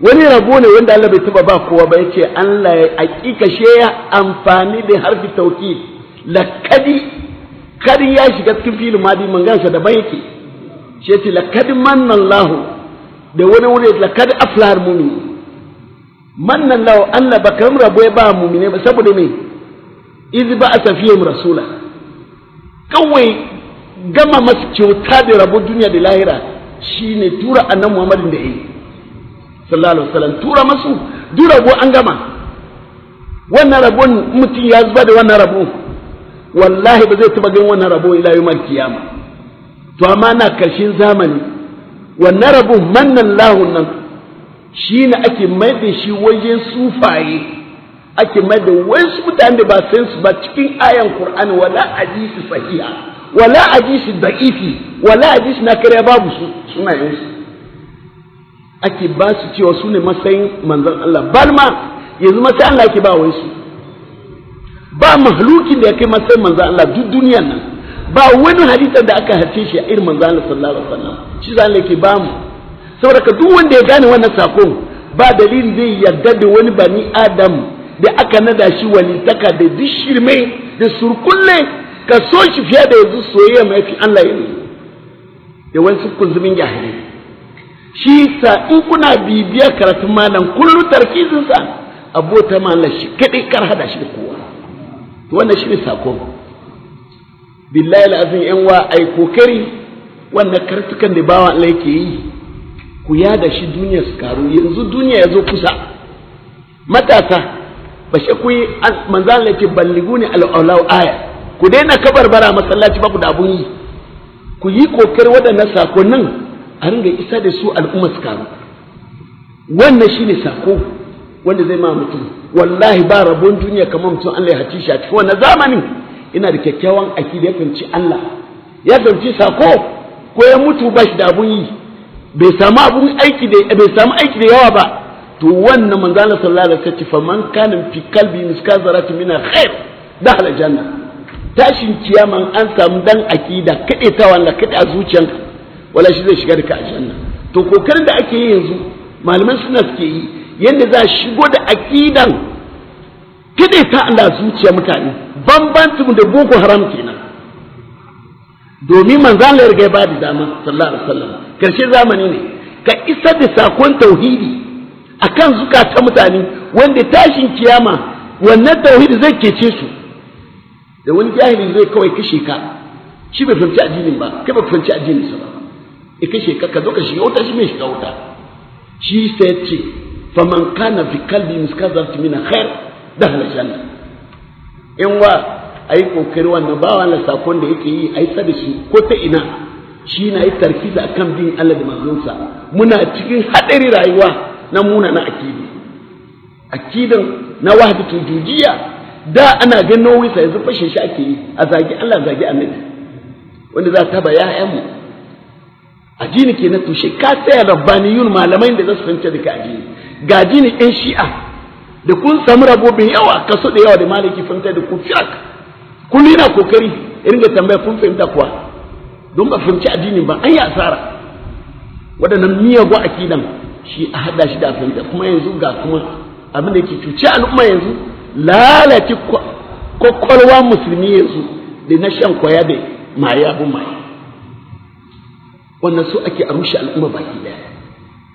wani rabo ne wanda Allah bai taba ba kowa ba yace Allah ya hakika she ya amfani da harfi tauki lakadi kadi ya shiga cikin filin madi mangansa daban yake shi yace laqad mannan lahu da wani wuri laqad aflar mumi mannan lahu Allah ba kam rabo ba mu'mine ba saboda me iz ba asafiyum rasula kawai gama masu kyauta da rabo duniya da lahira shine tura annabi Muhammadin da yi sallallahu alaihi wasallam tura masu durabo an gama wannan rabon mutum ya zuba da wannan rabo wallahi ba zai taba gan wannan rabo ila yi kiyama to amma na karshen zamani wannan rabin mannan lahun nan shi ne ake mai da shi wajen sufaye ake mai da wasu mutane da ba san su ba cikin ayan Qur'ani wala hadisi sahiha wala hadisi da'ifi wala hadisi na kare babu su suna yin su ake ba su cewa su ne matsayin manzon Allah balma yanzu matsayin Allah ake ba wai su ba mahlukin da ya kai matsayin manzon Allah duk duniyan nan ba wani hadisan da aka harce shi a irin manzo Allah sallallahu alaihi wasallam shi zan yake ba mu saboda ka duk wanda ya gane wannan sakon ba dalili zai yarda da wani bani adam da aka nada shi wani taka da dishirme da surkulle ka so shi fiye da yanzu soyayya mai fi Allah ya nuna da wani sukun zumin jahili shi sa in kuna bibiya karatun malam kullu tarkizinsa abota malam shi kadai kar hada shi da kowa wannan shi ne sakon billahi al'azim yan wa ai kokari wannan kartukan da bawa Allah yake yi ku ya da shi duniya su karu yanzu duniya ya zo kusa matasa ba shi ku yi manzo Allah yake balliguni al'aulau aya ku daina kabar bara masallaci babu da abun yi ku yi kokari waɗannan sakonnin a ringa isa da su al'umma su karu wannan shine sako wanda zai ma mutum wallahi ba rabon duniya kamar mutum Allah ya haci shi a cikin wannan zamanin ina da kyakkyawan akida ya fahimci Allah ya fahimci sako ko ya mutu ba shi da abun yi bai samu abun aiki da bai samu aiki da yawa ba to wannan manzo Allah sallallahu alaihi wasallam fa man kana fi qalbi miska zarati min khair dakhala janna tashin kiyama an samu dan akida kade ta wanda kade a zuciyanka wala shi zai shiga da ka aljanna to kokarin da ake yi yanzu malaman suna suke yi yadda za a shigo da akidan kade ta Allah zuciya mutane bambancin da boko haram kenan domin manzo Allah ya ba da dama sallallahu alaihi wasallam karshe zamani ne ka isa da sakon tauhidi akan zukata mutane wanda tashin kiyama wannan tauhidi zai kece su da wani jahili zai kawai kashe ka shi bai fahimci addinin ba kai ba fahimci addinin sa ba e kashe ka ka zo ka shiga wuta shi mai shiga wuta shi sai ce faman kana fi kalbi miskazar min khair dakhala jannah in wa a yi kokari wannan ba wani sakon da yake yi a yi da shi ko ta ina shi na yi tarfi da kan bin Allah da manzonsa muna cikin haɗari rayuwa na muna na akidi akidin na wahdatul jujiya da ana ganin nauyi sai yanzu fashe shi ake yi a zagi Allah zagi annabi wanda za ta ba ya'yanmu addini ke na tushe ka tsaya rabbaniyun malamai da za su fahimta da ka addini ga addini ɗin shi'a da kun samu rabobin yawa kaso da yawa da maliki fahimta da ku firak kun yana kokari irin da tambaya kun fahimta kuwa don ba fahimci addinin ba an yi asara waɗannan miyagu akidan shi a hada shi da fahimta kuma yanzu ga kuma abin da ke cuce al'umma yanzu lalace kwakwalwa musulmi yanzu da na shan kwaya da maye abin maye wannan su ake a rushe al'umma baki daya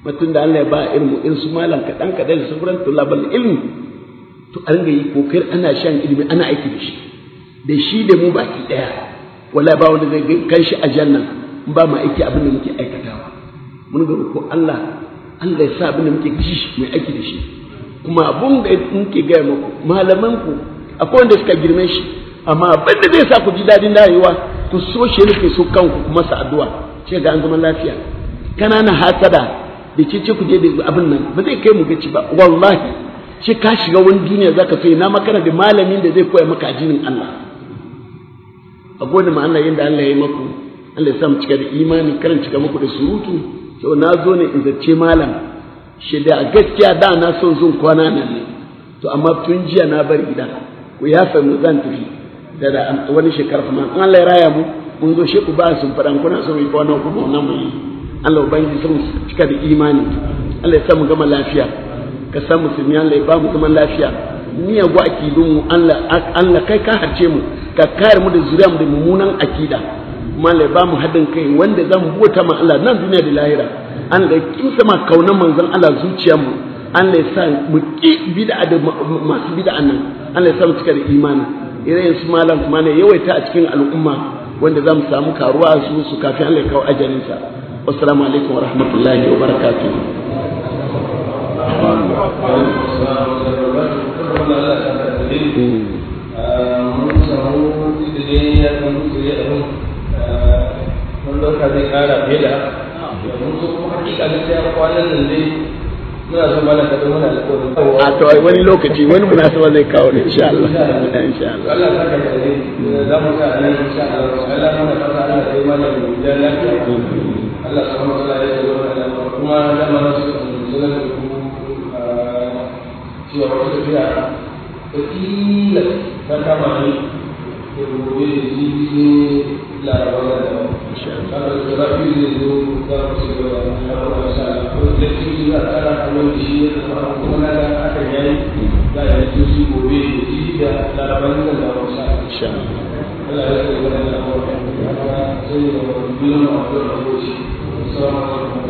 batun da Allah ya ba ilmu in su malam kaɗan kaɗan da sauran tulabal ilmi to an ringa yi kokar ana shan ilimi ana aiki da shi da shi da mu baki ɗaya wala ba wanda zai kai shi a janna ba mu aiki abin da muke aikatawa mun ga ko Allah Allah ya sa abin da muke gishi mai aiki da shi kuma abun da muke gaya muku malaman ku akwai wanda suka girme shi amma abin da zai sa ku ji dadin rayuwa to so shi ne ke so kanku kuma sa addu'a ce ga an zama lafiya kana na hasada da ce ku je da abin nan ba zai kai mu gaci ba wallahi ce ka shiga wani duniya zaka sai na makana da malamin da zai koya maka addinin Allah a gode ma Allah yanda Allah ya yi maku Allah ya sa mu cika da imani karin cika maku da surutu to na zo ne in zace malam shi da gaskiya da na son zun kwana nan ne to amma tun jiya na bar gida ku ya mu zan tafi da wani shekara kuma Allah ya raya mu mun zo shi ku ba sun fara kuna so yi kwana kuma wannan mu yi Allah ubangiji sun cika da imani Allah ya samu gama lafiya ka san musulmi Allah ya ba mu zaman lafiya niya gwa akidun mu Allah kai ka harce mu ka kare mu da zuriya mu da mummunan akida malai ba mu haɗin kai wanda za mu bota ma Allah nan duniya da lahira an da kimsa ma kaunan manzon Allah zuciya mu an ya sa mu ki bid'a da masu bid'a nan Allah ya sa mu cika da imani irin su malam kuma ne yawaita a cikin al'umma wanda za mu samu karuwa su su kafin Allah ya kawo ajalin sa والسلام عليكم ورحمة الله وبركاته wanda zai kara fiye da yanzu su kuma hakika gaskiya kwanan nan dai muna son mana kaɗan muna alƙawarin a to wani lokaci wani munasaba zai kawo ne insha Allah insha Allah Allah ta ka da za mu sa nan insha Allah Allah mana fata Allah ya yi mana lafiya Allah subhanahu wa ta'ala ya yi wannan kuma dama na su zama da kuma cewa wata tafiya ta kila ta kama ne da gobe da jibi laraba da da kamar da rafi da zo za mu ci gaba da harkar da sa ko da kiri za a tsara a wani shi ya zama kuma na da aka yayi za a yi su gobe da jibi da laraba da da wasu Allah ya tsaye waɗannan abubuwan da ya tsaye da wani miliyan masu